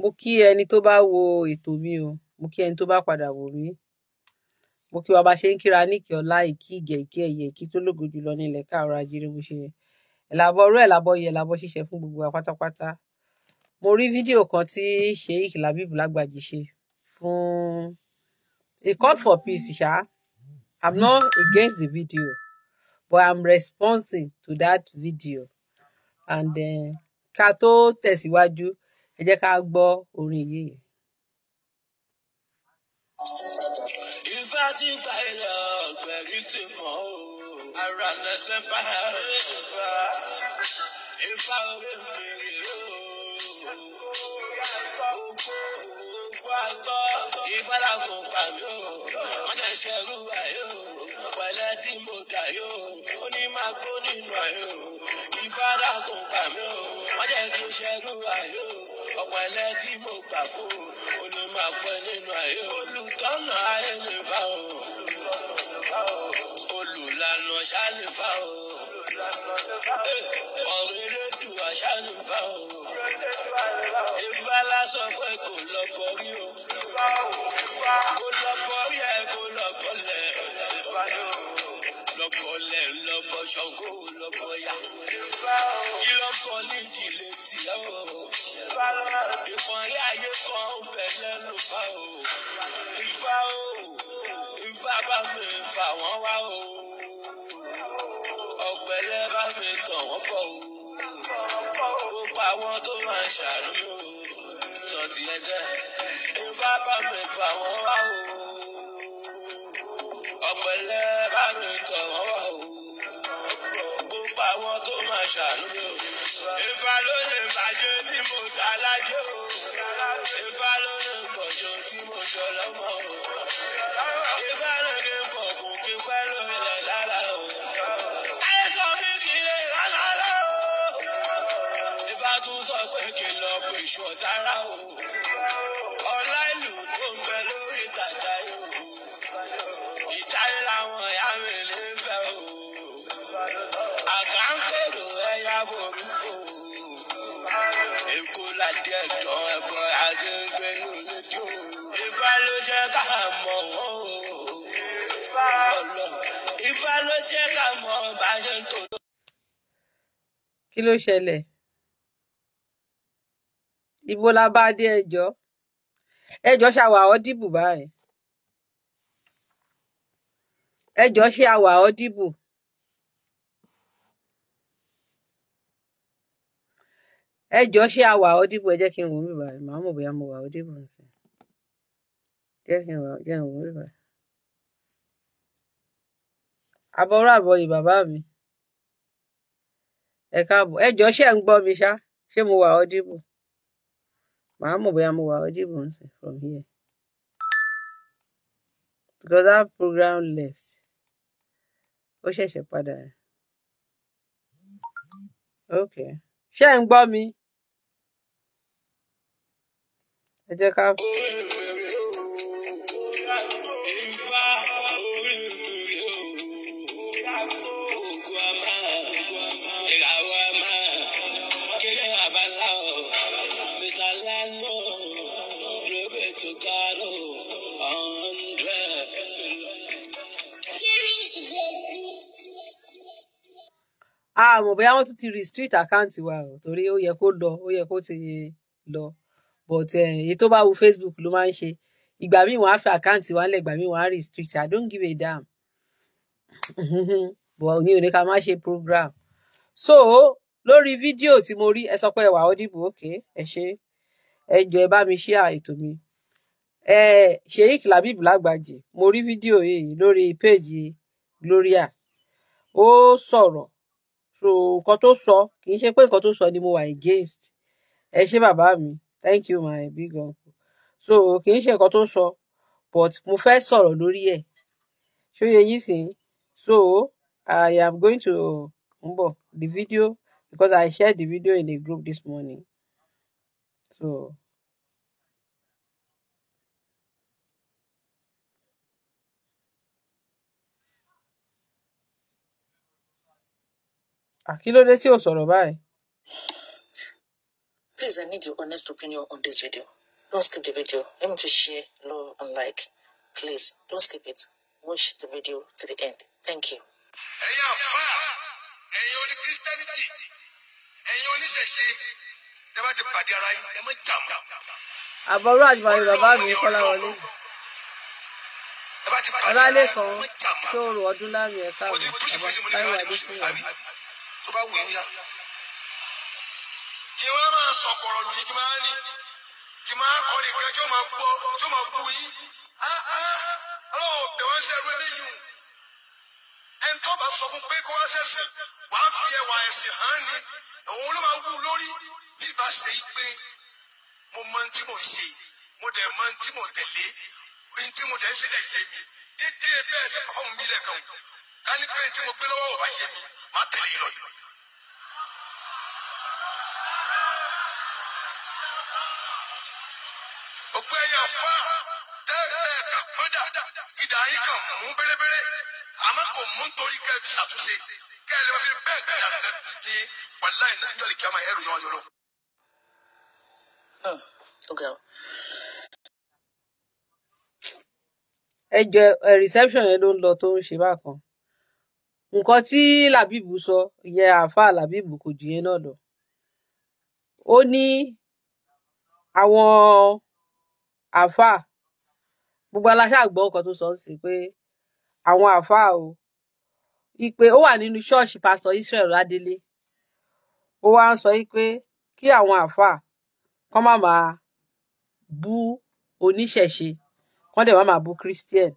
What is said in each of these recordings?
mo kí ẹni tó bá wo ètò mi o mo kí ẹni tó bá padà wò mí mo kí wa bá ṣe ń kíra níkì ọlá ìkí ìgẹ ìkí ẹyẹ ìkí tó lógo jùlọ ní ilẹ̀ káàárọ̀ oòjíire bó ṣe yẹ ìlàbọ ọrọ ìlàbọ yẹ ìlàbọ ṣíṣe fún gbogbo wa pátápátá mo rí fídíò kan tí Sheikh Labeeb Lagbaji ṣe fún a call for peace ṣá i'm not against the video but i'm responding to that video and ká tó tẹ̀síwájú ẹ jẹ́ ká gbọ́ orin yìí. Ifá ti gba ilẹ̀ ọ̀gbẹ̀rí ti mọ̀ o, ara lẹ́sẹ̀ bá Ifá, Ifá orí mi rè o. Ogbó àgbọ̀ Ifá làgùn pàmí o, má jẹ́ ṣẹ́rú ayò, pẹ̀lẹ́ tí mo kà yó, ó ní máa kó nínú ayò afárá kò gbà mí o wọ́n jẹ́ kí n ṣẹ́rú ayé o ọ̀pọ̀ ẹlẹ́ tí mo gbà fún o ò ní máa pẹ́ nínú ayé o olùtọ́nà ayé mi bá o olùlànà ṣáàlì bá o ọ̀rẹ́rẹ́ dùn àṣàlì bá o ìfẹ́lá sọ pé kò lọ bọ̀rí o kò lọ bọ̀rí ẹ̀ kò lọ bọ̀lẹ̀ lọ bọ̀lẹ̀ lọ bọ̀ ṣọ̀gbọ́n lọ bọ̀ yá kí ló kọ ní ìdílé tiẹ̀ o ìkànnì ayé kan bẹ̀lẹ̀ ló fà o ìfà o ìfà bá mi fà wọ́n wá o oh. ọ̀pẹ̀lẹ̀ bá mi tàn wọ́n bọ̀ o oh. ó pa àwọn tó máa ń ṣàríyó oh. sọ̀tì ẹ̀jẹ̀ ìfà bá mi fà wọ́n wá o ọ̀pẹ̀lẹ̀ bá mi tàn kó máa ṣàánú mi o. Ifá ló lè bàjẹ́ tí mo dá lájọ́ o. Ifá ló lè pọ̀jọ́ tí mo jọ lọ́mọ o. Ifá ló lè pọ̀gùn kí pẹ́ lórí rẹ̀ lára o. Àìsàn mi kì í lè rán lára o. tún sọ pé kí n lọ pèsè ọ̀dára o. kí ló ṣẹlẹ ibo la bá dé ẹjọ ẹjọ ṣàwà ọdìbò báyìí ẹjọ ṣe àwà ọdìbò ẹjọ ṣe àwà ọdìbò ẹ jẹ kí n wò mí báyìí màá mọ bóyá mo wà ọdìbò nìsín jẹ kí n wò jẹ n wò mí báyìí bàbá mi. ẹ káàbọ̀ ẹ jọ̀ọ́ ṣé ń gbọ́ mi ṣá ṣé mo wà màá wà ń sìn from here because program left ó padà àmọ́ ah, bóyá wọ́n tún ti restrict àkáǹtì wa o torí ó yẹ kó lọ ó yẹ kó ti lọ but eh, èyí tó bá wu Facebook ló máa ń ṣe ìgbà míì wọ́n á fi àkáǹtì wa ńlẹ̀ ìgbà míì wọ́n á restrict I don't give a damn but ní òní ká má ṣe program so lórí fídíò tí mo rí ẹ sọ pé ẹ wà audible okay ẹ ṣe ẹ jọ ẹ bá mi share ètò mi ẹ Sheikh Labib Lagbaji mo rí fídíò yìí lórí péèjì Gloria ó sọ̀rọ̀ So nǹkan tó sọ kì í ṣe pé nǹkan tó sọ ni mo wà against. Ẹ ṣé bàbá mi. Thank you my big uncle. So kì í ṣe nǹkan tó sọ but mo fẹ́ sọ̀rọ̀ lórí ẹ̀. Ṣó yé yín sìn? So I am going to ń the video because I shared the video in a group this morning. So. À ah, ló dé tí ò sọ̀rọ̀ báyìí? Please, I need your honest opinion on this video. Don't skip the video. Let me to share, love, and like. Please, don't skip it. Watch the video to the end. Thank you. Ẹ̀yin àfa, ẹ̀yin oní Christianity, ẹ̀yin oníṣẹ̀ṣe, ẹ ti pàdé ara yín, ẹ mọ̀ jàmù. àjùmọ̀lẹ̀ bàbá mi kọ́lá wọlé. Ọlálẹ́kan tó rò ọdún láàmì ẹ̀ka àbọ̀ àbáyọ̀ adé fún yàrá tó bá wù yín yá. kí wọ́n máa sọ̀kọ̀rọ̀ lù yín kí máa rí kí máa kọ́ nìkan tí ó máa bú tí ó máa bú yín ọlọ́wọ́ bẹ̀ wọ́n ṣe ẹrú eléyìí ẹn tó bá sọ fún pé kó wá sẹ́sẹ̀ wàá fi ẹwà ẹ̀sìn hàn ni òun ló máa wù lórí bí bá ṣe yí pé mo mọ ohun tí mò ṣe mo dẹ̀ mọ ohun tí mò tẹ̀lé ohun tí mo dẹ̀ ṣe dẹ̀ yé mi dédé bẹ́ẹ̀ ṣe pàfọ́ọ̀mù mi lẹ̀ kan ká ní pé ohun tí mo gbé lọ́wọ́ ò bá yé mi má tẹ̀lé e lọ ìdá yín kan mú bélébélé àmọ́ kò mú torí kẹ́ fi ṣàtúnṣe kẹ́ lè fi bẹ́ẹ̀ bẹ́ẹ̀ dàgbẹ́ ní wàláì náà yọ̀lì kí a máa ẹrù yọ̀ọ́ yọ̀ọ́. Hmm, ẹ jẹ ẹ reception yẹn ló ń lọ tó ń ṣe bákan nǹkan tí làbíbù sọ ìyẹn àáfàá làbíbù kò jù yẹn náà lọ ó ní àwọn àáfàá gbogbo aláṣàgbọ́ ọkọ̀ tó sọ ọ́ sí pé àwọn àáfàá o ìpè ó wà nínú ṣọ́ọ̀ṣì pásọ Israel Ládélé ó wá ń sọ pé kí àwọn àáfàá kán má máa bú oníṣẹ̀ṣe kán dẹ̀ má máa bú Christian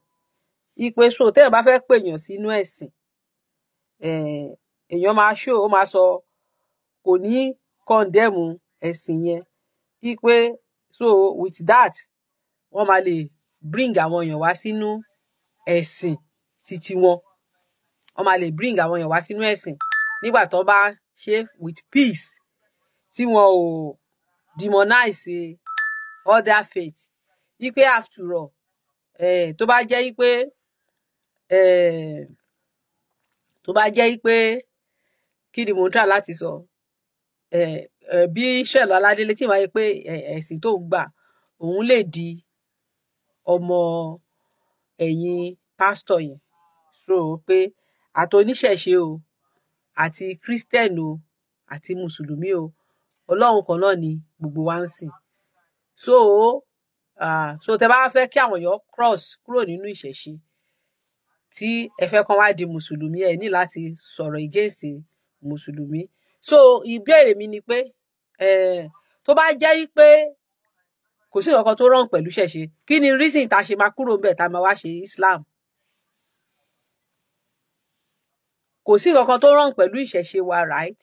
ìpè so téèyàn bá fẹ́ pèèyàn sínú ẹ̀sìn eh, èèyàn máa ṣó ó máa sọ kò ní kọ́ndẹ́mù ẹ̀sìn yẹn ìpè so with that wọ́n máa lè bring àwọn èèyàn wá sínú ẹ̀sìn titi wọn wọ́n máa lè bring àwọn èèyàn wá sínú ẹ̀sìn nígbà tó bá ṣe with peace tí wọn ò demonize other faith wípé after all eh, tó bá jẹ́ wípé eh, tó bá jẹ́ wípé kí ni mò ń tà láti sọ eh, eh, bí ṣẹlọ aládélé tí ìwáyé pé eh, ẹ̀sìn tó ń gbà òun lè di ọmọ ẹ̀yìn pásítọ̀ yẹn so pé àti oníṣẹ̀ṣe o àti christian o àti mùsùlùmí o ọlọ́run kan náà ni gbogbo wa ń sìn so uh, so tẹ bá fẹ́ kí àwọn èèyàn cross kúrò nínú ìṣẹ̀ṣe tí ẹ fẹ́ kàn wá di mùsùlùmí ẹ ní láti sọ̀rọ̀ against mùsùlùmí so ìbéèrè mi ni pé eh, tó bá jẹ́ pé kò sí nǹkan tó rán pẹ̀lú ṣẹ̀ṣe kí ni reason tá a ṣe máa kúrò ńbẹ̀ tá a máa wá ṣe Islam kò sí nǹkan tó rán pẹ̀lú ìṣẹ̀ṣe wa right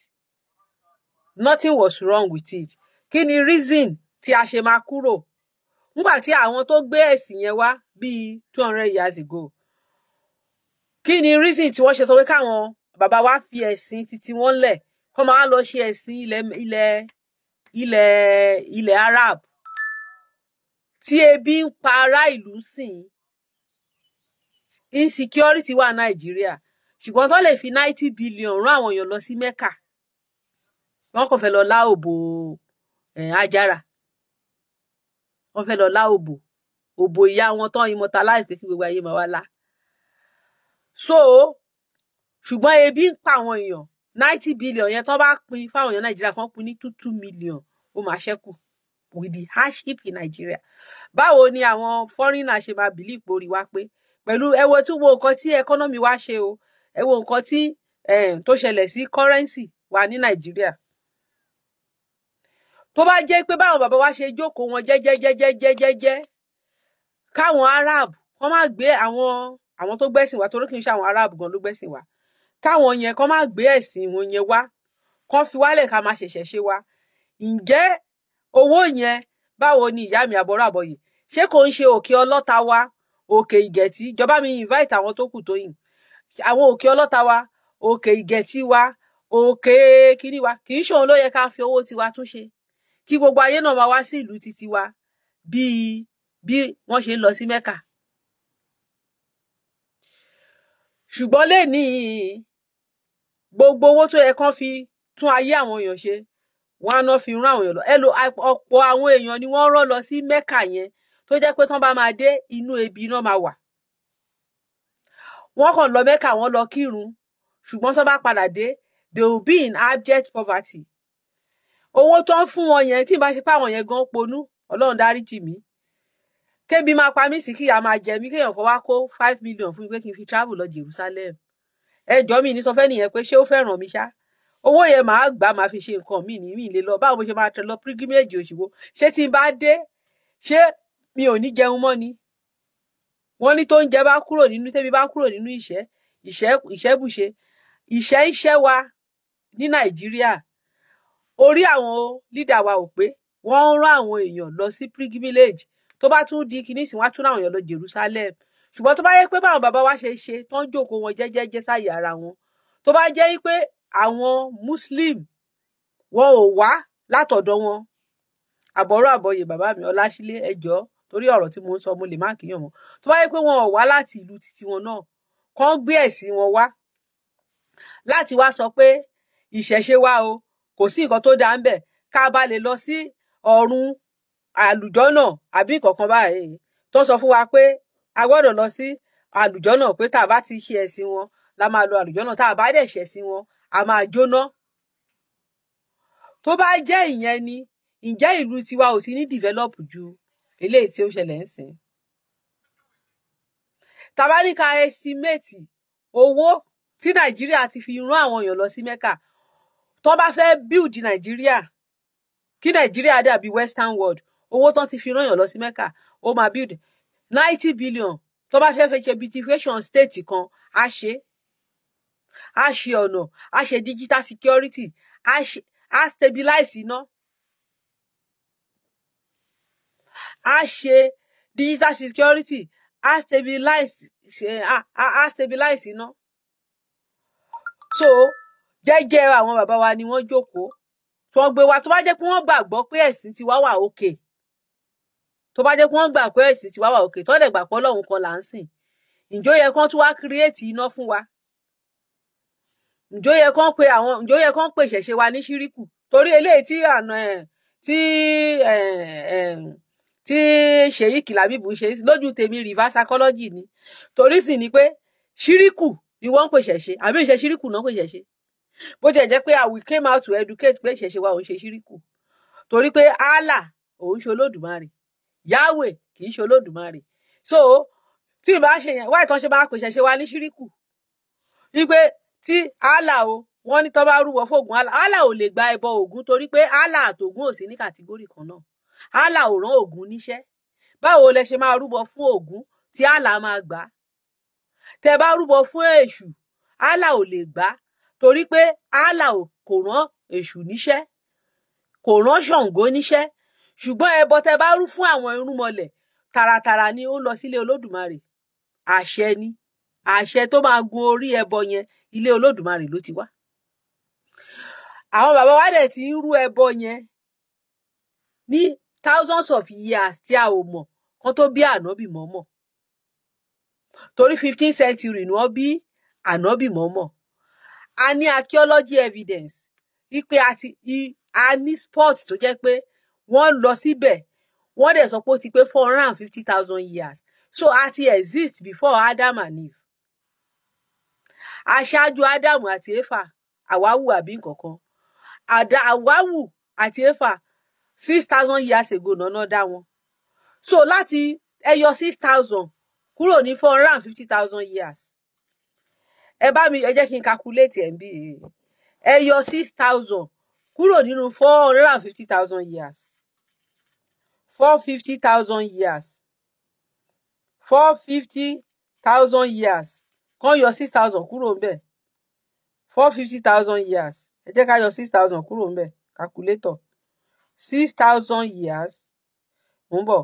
nothing was wrong with it kí ni reason tí a ṣe máa kúrò nígbà tí àwọn tó gbé ẹ̀sìn yẹn wá bíi two hundred years ago kí ni reason tí wọ́n ṣe sọ pé káwọn bàbá wa fi ẹ̀sìn títí wọn lẹ̀ kó máa lọ ṣe ẹ̀sìn ilẹ̀ ilẹ̀ ilẹ̀ ilẹ̀ Arab tí ebi ń pa ará ìlú sìn insecurity wà nàìjíríà ṣùgbọ́n tó lè fi ninety billion rán àwọn èèyàn lọ sí mẹ́kà wọ́n kàn fẹ́ lọ lá òbò eh, ajára wọ́n fẹ́ lọ lá òbò òbò ìyá wọn tán immortalize pé kí gbogbo ayé máa wá lá so ṣùgbọ́n ebi ń pa àwọn èèyàn ninety billion yẹn tó bá pín fáwọn èèyàn nàìjíríà kan pín ní two two million ó máa ṣẹ́kù with the hardship in Nigeria báwo ni àwọn foreigner ṣe máa bìlí ìpòrí wa pé pẹ̀lú ẹ wo tún wo nǹkan tí ẹkọ́nọ́mì wa ṣe o ẹ wo nǹkan tí eh, tó ṣẹlẹ̀ sí kọ́rẹ́ǹsì wa ní Nàìjíríà tó bá jẹ́ pé báwọn bàbá wa ṣe jókòó wọn jẹ́jẹ́jẹ́jẹ́jẹ́jẹ́ káwọn Arab kọ́ máa gbé àwọn àwọn tó gbẹ́sìn wa torí kì í ṣe àwọn Arab gan ló gbẹ́sìn wa káwọn yẹn kọ́ máa gbé ẹ̀sìn wọn yẹn wá kọ́ fi wálẹ̀ ká máa ṣẹ̀ṣẹ̀ ṣe wa ǹjẹ́ owó yẹn báwo ni ìyá mi àbọ̀rọ̀ àbọ̀yè ṣé kò ń ṣe òkè ọlọ́ta wa òkè ìgẹ̀tì ìjọba mi invite àwọn tó kù tó yìn àwọn òkè ọlọ́ta wa òkè ìgẹ̀tì wa òkè kínní wa kì í ṣòun ló yẹ ká fi owó tiwa tún ṣe kí gbogbo ayé náà máa wá sí ìlú titi wa bíi bí wọ́n ṣe ń lọ sí mẹ́kà ṣùgbọ́n lẹ́nìí gbogbo owó tó yẹ kán fi tún ayé àwọn èèyàn ṣe wọn á náà fi rán àwọn èèyàn lọ ẹ lo ọ̀pọ̀ àwọn èèyàn ni wọ́n rán lọ sí mẹ́kà yẹn tó jẹ́ pé tán bá máa dé inú ebi náà máa wà wọ́n kàn lọ mẹ́kà wọ́n lọ kírun ṣùgbọ́n tán bá padà dé they will be in abject poverty owó tó ń fún wọn yẹn tí ì bá ṣe pé àwọn yẹn gan ponú Ọlọ́run dáríjì mí kébi máa pa mí sí kíyà máa jẹ mí kéèyàn kan wá kó five million fún mi pé kí n fi travel lọ Jerusalem ẹ jọ́ mi ní sọ fẹ́ nìyẹn pé ṣé ó fẹ́ràn mi ṣá owó yẹn màá gbà màá fi ṣe nǹkan míì ní ìrìn lè lọ báwo mo ṣe máa tẹ lọ pilgrimage òṣìwò ṣé tí n bá dé ṣé mi ò ní jẹun mọ́ ni wọ́n ní tó ń jẹ bá kúrò nínú tẹ́bi bá kúrò nínú ìṣẹ́ ìṣẹ́ ìṣẹ́bùṣe ìṣẹ́ ń ṣẹ́ wa ní nàìjíríà orí àwọn lídà wa ò pé wọ́n ń rán àwọn èèyàn lọ sí pilgrimage tó bá tún di kinní sí wọ́n á tún rán àwọn lọ Jerusalem ṣùgbọ́n tó bá yẹ pé báwọn bàbá wa ṣe ṣe tó ń jókòó wọn jẹ́jẹ́jẹ́ sáyé ara wọn tó bá jẹ́ pé àwọn muslim wọn ò wá látọ̀dọ̀ wọn àbọ̀rọ̀ àbọ̀yè bàbá mi ọláṣílé ẹjọ́ torí ọ̀rọ̀ tí mo ń sọ mo lè má kíyàn wọn tó bá yẹ pé wọn ò wá láti ìlú títí wọn náà kàn gbé ẹ̀sìn wọn wá láti wá sọ pé ìṣẹ̀ṣe wa o kò sí nǹkan tó dáa ń bẹ̀ ká bá lè lọ sí ọ̀run àlùjọ́nà àbí kankan báyìí tó sọ fún wa pé a gbọ́dọ̀ lọ sí àlùjọ́nà pé tá a bá ti ṣe ẹ̀sìn wọn la máa lọ àlùjọ́nà tá a bá dẹ̀ ṣẹ̀sìn wọn a máa jóná tó bá jẹ́ ìyẹn ni ǹjẹ́ ìlú tiwa ò ti ní develop ju eléyìí tí ó ṣẹlẹ̀ ń sìn tabaríka estimate owó tí nàìjíríà ti fi rán àwọn èèyàn lọ sí mẹ́kà tó bá fẹ́ build nàìjíríà kí nàìjíríà dàbí western world owó tán ti fi rán èèyàn lọ sí mẹ́kà ó máa build ninety billion tó bá fẹ́ fẹ́ ṣe beautification state kan á ṣe é á ṣe ọ̀nà á ṣe digital security á ṣe á stabilize iná á ṣe digital security á stabilize á á stabilize iná so jẹ́jẹ́ àwọn bàbá wa ni wọ́n jókòó tí wọ́n gbé wa tó bá jẹ́ pé wọ́n gbàgbọ́ pé ẹ̀sìn tiwa wà òkè tó bá jẹ́ pé wọ́n gbà pé ẹ̀sìn tiwa wà òkè tó dẹ̀ gbà pé Ọlọ́run kan là ń sìn ǹjọ́ yẹ kán tún wá kírẹ́ẹ̀tì iná fún wa ǹjó yẹ kán pe àwọn ǹjó yẹ kán pe ṣẹ̀ṣẹ̀ wa ní ṣíríkù torí eléyìí tí àna ẹ tí ẹ ẹ tí ṣèyí kìlábìbù ṣe lójú tèmi reverse psychology ni torí sì ni pé ṣíríkù ni wọ́n ń pè ṣẹ̀ṣẹ̀ àbí ìṣe ṣíríkù náà pè ṣẹ̀ṣẹ̀ bó tiẹ̀ jẹ́ pé we came out to educate pé ìṣẹ̀ṣẹ̀ wa ò ń ṣe ṣíríkù torí pé Allah òun ṣe olódùmarè Yahweh kì í ṣe olódùmarè so tí ìbá ṣe yẹn wáyé tán ṣe máa pè ṣẹ̀ṣẹ̀ wa ní ṣíríkù ni pé tí ala o wọn ní tó bá rúbọ fóògùn allah allah ò lè gba ẹbọ ògún torí pé allah àtògún ò sí ní kàtígórì kan náà allah ò rán ògún níṣẹ́ báwo lẹ ṣe máa rúbọ fún ògún tí allah máa gbà tẹ bá rúbọ fún èṣù allah ò lè gbà torí pé allah kò rán èṣù níṣẹ́ kò rán ṣàngó níṣẹ́ ṣùgbọ́n ẹbọ tẹ bá rú fún àwọn irúnmọlẹ̀ tààràtààrà ni ó lọ sílé olódùmarè àṣẹ ni àṣẹ tó máa gun orí ẹbọ yẹn ilé olódùmarè ló ti wá àwọn bàbá wa dẹ̀ ti ń rú ẹbọ yẹn ní thousands of years tí a ò mọ̀ kó tó bí ànábì mọ́mọ́ torí fifteen century ni wọ́n bí ànábì mọ́mọ́ a ní archaeology evidence wípé a ní spot tó jẹ́ pé wọ́n lọ síbẹ̀ wọ́n dẹ̀ sọ pé ó ti pé four hundred and fifty thousand years so a ti exist before Adam and Eve aṣáájú ádámù àti éfà àwáwù àbí nkankan àdá àwáwù àti éfà six thousand years ago nànà dá wọn so láti ẹyọ six thousand kúrò ní four hundred and fifty thousand years ẹ bá mi ẹ jẹ́ kí n calculate ẹ̀ ń bí ẹ six thousand kúrò nínú four hundred and fifty thousand years four fifty thousand years four fifty thousand years kán yọ six thousand kúrò ńbẹ̀ four fifty thousand years ẹ jẹ́ ká yọ six thousand kúrò ńbẹ̀ calculator six thousand years mò ń bọ̀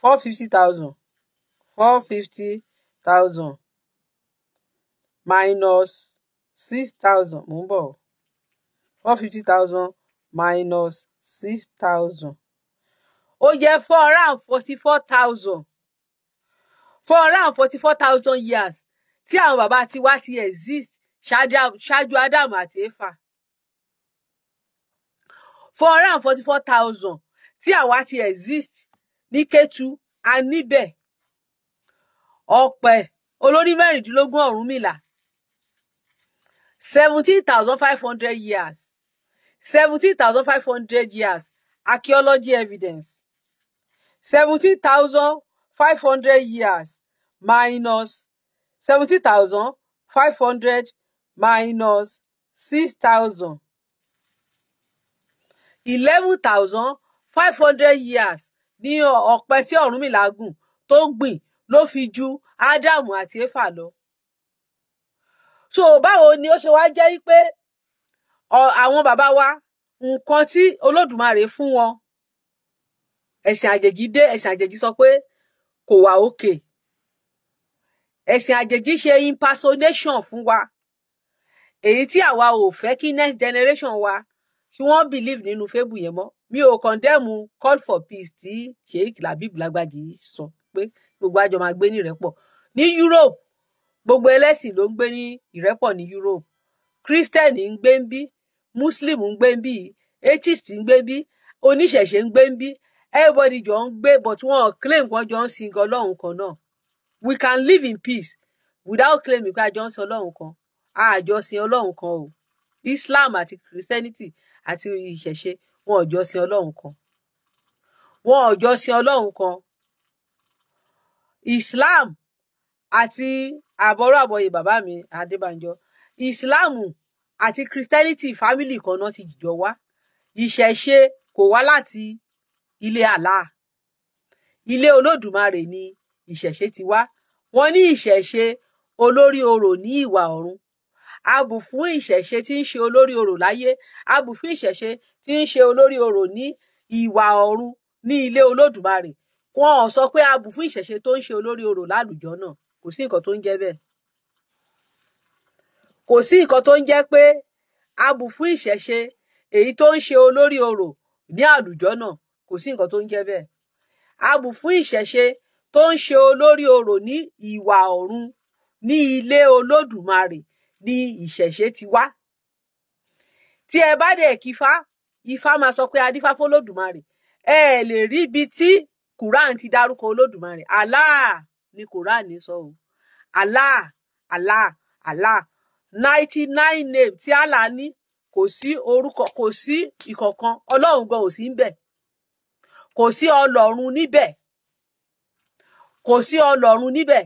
four fifty thousand four fifty thousand minus six thousand mò ń bọ̀ four fifty thousand minus six thousand ó jẹ́ four hundred and forty-four thousand four hundred and forty-four thousand years tí àwọn bàbá ti wá ti exist ṣáájú Ádámù àti Éfà four hundred and forty four thousand tí àwa ti exist ní Kétu a níbẹ̀ Ọ̀pẹ̀ olórí mẹ́rìndínlógún Ọ̀rúnmìlà seventeen thousand five hundred years seventeen thousand five hundred years archaeology evidence seventeen thousand five hundred years minus seventy thousand five hundred minus six thousand eleven thousand five hundred years Ni ọ̀pẹ tí Ọ̀rúnmìlà gùn tó gbìn ló fi ju Ádámù àti Éfà lọ. so báwo ni ó ṣe wá jẹ́ pé àwọn bàbá wa nǹkan tí Olódùmarè fún wọn ẹ̀sìn àjèjì dé ẹ̀sìn àjèjì sọ pé kò wà òkè. Okay ẹ̀sìn àjèjì ṣe impersonation fún wa èyí tí àwa ò fẹ́ kí next generation wa kí wọ́n believe nínú fébù yẹn mọ́ mi ò condemn call for peace tí Sheikh Labib Lagbaji sọ pé gbogbo àjọ máa gbé ní ìrẹ́pọ̀ ní Europe gbogbo ẹlẹ́sìn ló ń gbé ní ìrẹ́pọ̀ ní Europe Christian ń gbé ń bí Muslim ń gbé ń bí atheist ń gbé ń bí oníṣẹ̀ṣe ń gbé ń bí everybody jọ ń gbé but wọn claim kan jọ ń sin gan lọ́hùn kan náà we can live in peace without claiming pé àjọ ń sin ọlọ́run kan àjọ sin ọlọ́run kan o Islam àti Christianity àti ìṣẹ̀ṣe wọn ò jọ sin ọlọ́run kan wọn ò jọ sin ọlọ́run kan Islam àti àbọ̀rọ̀ àbọ̀yè bàbá mi Adébánjọ Islam àti Christianity family kan náà ti jìjọ wá ìṣẹ̀ṣe kò wá láti ilé Allah ilé Olódùmarè ni ìṣẹ̀ṣe ti wá wọ́n ní ìṣẹ̀ṣe olórí orò ní ìwà ọ̀run a bù fún ìṣẹ̀ṣe tí ń ṣe olórí orò láyé a bù fún ìṣẹ̀ṣe tí ń ṣe olórí orò ní ìwà ọ̀run ní ilé olódùmarè wọn ò sọ pé a bù fún ìṣẹ̀ṣe tó ń ṣe olórí orò lálùjọ náà kò sí nǹkan tó ń jẹ́ bẹ́ẹ̀ kò sí nǹkan tó ń jẹ́ pé a ìṣẹ̀ṣe èyí tó ń ṣe olórí orò ní àlùjọ náà kò sí nǹkan tó ń jẹ́ bẹ́ẹ̀ a ìṣẹ̀ṣe tó ń ṣe olórí orò ní ìwà ọ̀run ní ilé olódùmarè ni ìṣẹ̀ṣe ti wá tí ẹ bá dẹ̀ kífá ifá máa sọ pé adífá fọlódùmarè ẹ lè rí ibi tí quran ti dárúkọ olódùmarè allah ni quran sọ o allah allah allah ninety nine name tí allah ní kò sí orúkọ kò sí ìkọ̀kan ọlọ́run gan ò sí ń bẹ̀ kò sí ọlọ́run níbẹ̀ kò sí ọlọ́run níbẹ̀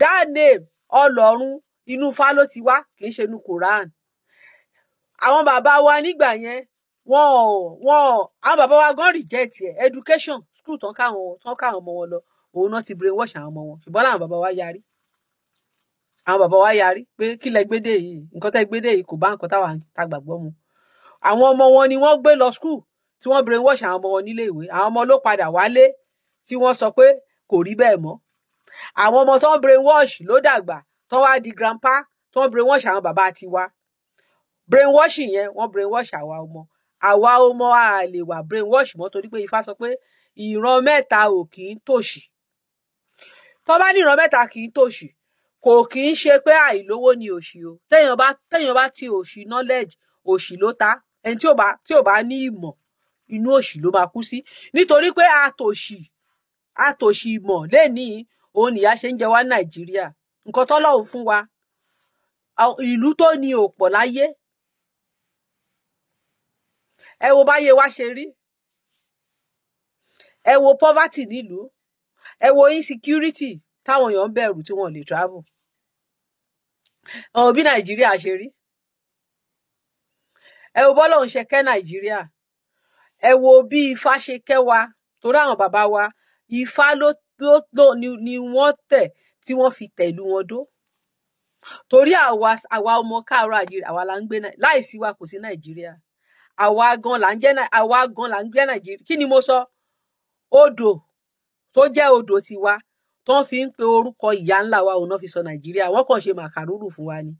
that name ọlọ́run inú ifá ló ti wá kì í ṣe inú Quran àwọn bàbá wa nígbà yẹn wọn ò wọn ò àwọn bàbá wa gan reject ẹ education school tán káwọn tán káwọn ọmọ wọn lọ òun náà ti brainwash àwọn ọmọ wọn ṣùgbọ́n làwọn bàbá wa yarí àwọn bàbá wa yarí pé kí lẹ gbédè yìí nǹkan tẹ gbédè yìí kò bá nǹkan táwa ta gbàgbọ́ mu àwọn ọmọ wọn ni wọ́n gbé lọ school tí wọ́n brainwash àwọn ọmọ wọn nílé ìwé àwọn ọmọ ló padà wálé tí wọ́n sọ pé kò rí bẹ́ẹ̀ mọ́ àwọn ọmọ tó ń brainwash ló dàgbà tó wá di grandpa tó ń brainwash àwọn bàbá tiwa brainwash yẹn wọ́n brainwash àwa ọmọ àwa ọmọ a lè wà brainwash mọ́ torí pé ifá sọ pé ìran mẹ́ta ò kì í tòṣì tó bá ní ìran mẹ́ta kì í tòṣì kò kì í ṣe pé àìlówó ni òṣì o téèyàn bá téèyàn bá ti òṣì knowledge òṣì ló ta ẹni tí ò bá tí ò bá ní ìmọ̀ inú òṣì ló máa kú sí nítorí pé a àtòṣì ìmọ̀ lẹ́nìí òun nìyá ṣe ń jẹ wá nàìjíríà nǹkan tọ́lọ́run fún wa ìlú tó ní òpọ̀ láyé ẹ wo báyé wa ṣe rí ẹ wo poverty nílùú ẹ wo insecurity táwọn èèyàn bẹ̀rù tí wọ́n lè travel ọ̀hún bí nàìjíríà ṣe rí ẹ wo bọ́lọ̀ ń ṣe kẹ́ nàìjíríà ẹ wo bí ifá ṣe kẹ́ wa torí àwọn bàbá wa Ifá ló ló ló ni ni wọ́n tẹ̀ tí wọ́n fi tẹ̀lú wọn dó. Torí àwa àwa ọmọ káàárọ̀ oòjíire àwa la ń gbé Nàì láìsí wa kò sí Nàìjíríà. Àwa gan là ń jẹ́ Nàì àwa gan là ń jẹ́ Nàìjíríà. Kí ni mo sọ? Odò tó jẹ́ odò tiwa tó ń fi ń pe orúkọ ìyá ńlá wa òun náà fi sọ Nàìjíríà. Wọ́n kàn ṣe màkàrúrù fún wa ni.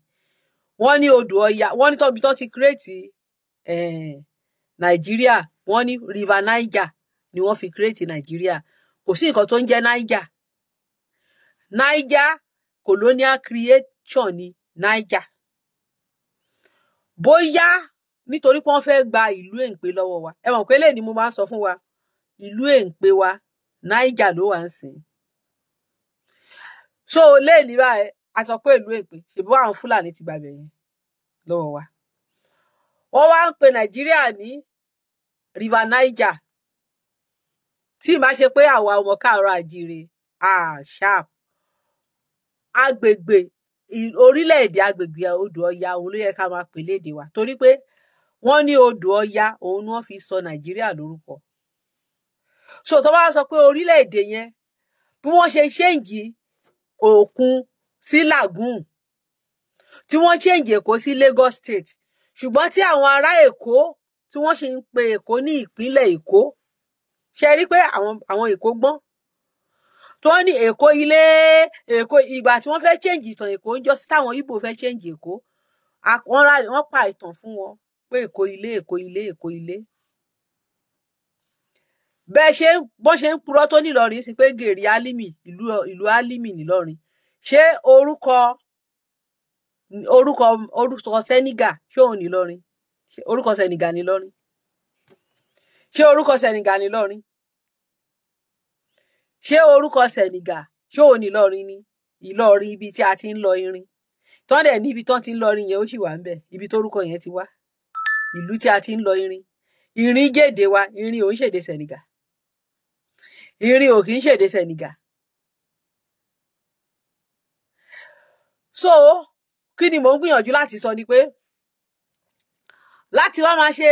Wọ́n ní odò Ọya wọ́n ní tọ́bi tán ti kírètì um Nàìjíríà wọ́n ní River Niger ni wọ́n fi kírètì Nàìjíríà kò sí nǹkan tó ń jẹ́ niger niger colonial creation ni niger bóyá nítorí pé wọ́n fẹ́ẹ́ gba ìlú èǹpè lọ́wọ́ wa ẹ mọ̀ pé lẹ́yìn ni mo máa ń sọ fún wa ìlú èǹpè wa niger ló wà ń sìn so lẹ́yìn báyìí a sọ pé ìlú èpè ṣèbí àwọn fúlàní ti gbàgbé yẹn lọ́wọ́ wa wọ́n wá ń pe nàìjíríà ní river niger tí ì bá ṣe pé àwa ọmọ káàárọ̀ àjíire sharp agbègbè orílẹ̀-èdè agbègbè odò ọya òun ló yẹ ká máa pè léde wa torí pé wọ́n ní odò ọya òun ni wọ́n fi sọ nàìjíríà lórúkọ so tó bá sọ pé orílẹ̀-èdè yẹn bí wọ́n ṣe ṣéǹjì òkun sí lagoon tí wọ́n ṣéǹjì èkó sí Lagos State ṣùgbọ́n tí àwọn ará èkó tí wọ́n ṣe ń pe èkó ní ìpínlẹ̀ èkó ṣe rí pé àwọn àwọn èkó gbọ́n tó ní èkó ilé èkó ìgbà tí wọ́n fẹ́ change ìtàn èkó ń jọ sí táwọn Ìgbò fẹ́ change èkó wọ́n pa ìtàn fún wọn pé èkó ilé èkó ilé èkó ilé bẹ́ẹ̀ ṣe bọ́n ṣe ń purọ́ tó nílọrin sí pé gèrè álímì ìlú ìlú álímì nílọrin ṣé orúkọ orúkọ orúkọ sẹ́nìgà ṣé òun nílọrin orúkọ sẹ́nìgà nílọrin ṣé orúkọ sẹ́nìgà nílọrin ṣé orúkọ Senegal ṣó o ní Ìlọrin ni Ìlọrin ibi tí a ti ń lọ irin tán dẹ̀ níbi tán ti ń lọ irin yẹn ó sì wà ń bẹ̀ ibi tórúkọ yẹn ti wá ìlú tí a ti ń lọ irin irin jèdè wa irin ò ń ṣèdè Senegal irin ò kì í ṣèdè Senegal so kí ni mò ń gbìyànjú láti sọ ni pé láti wá máa ṣe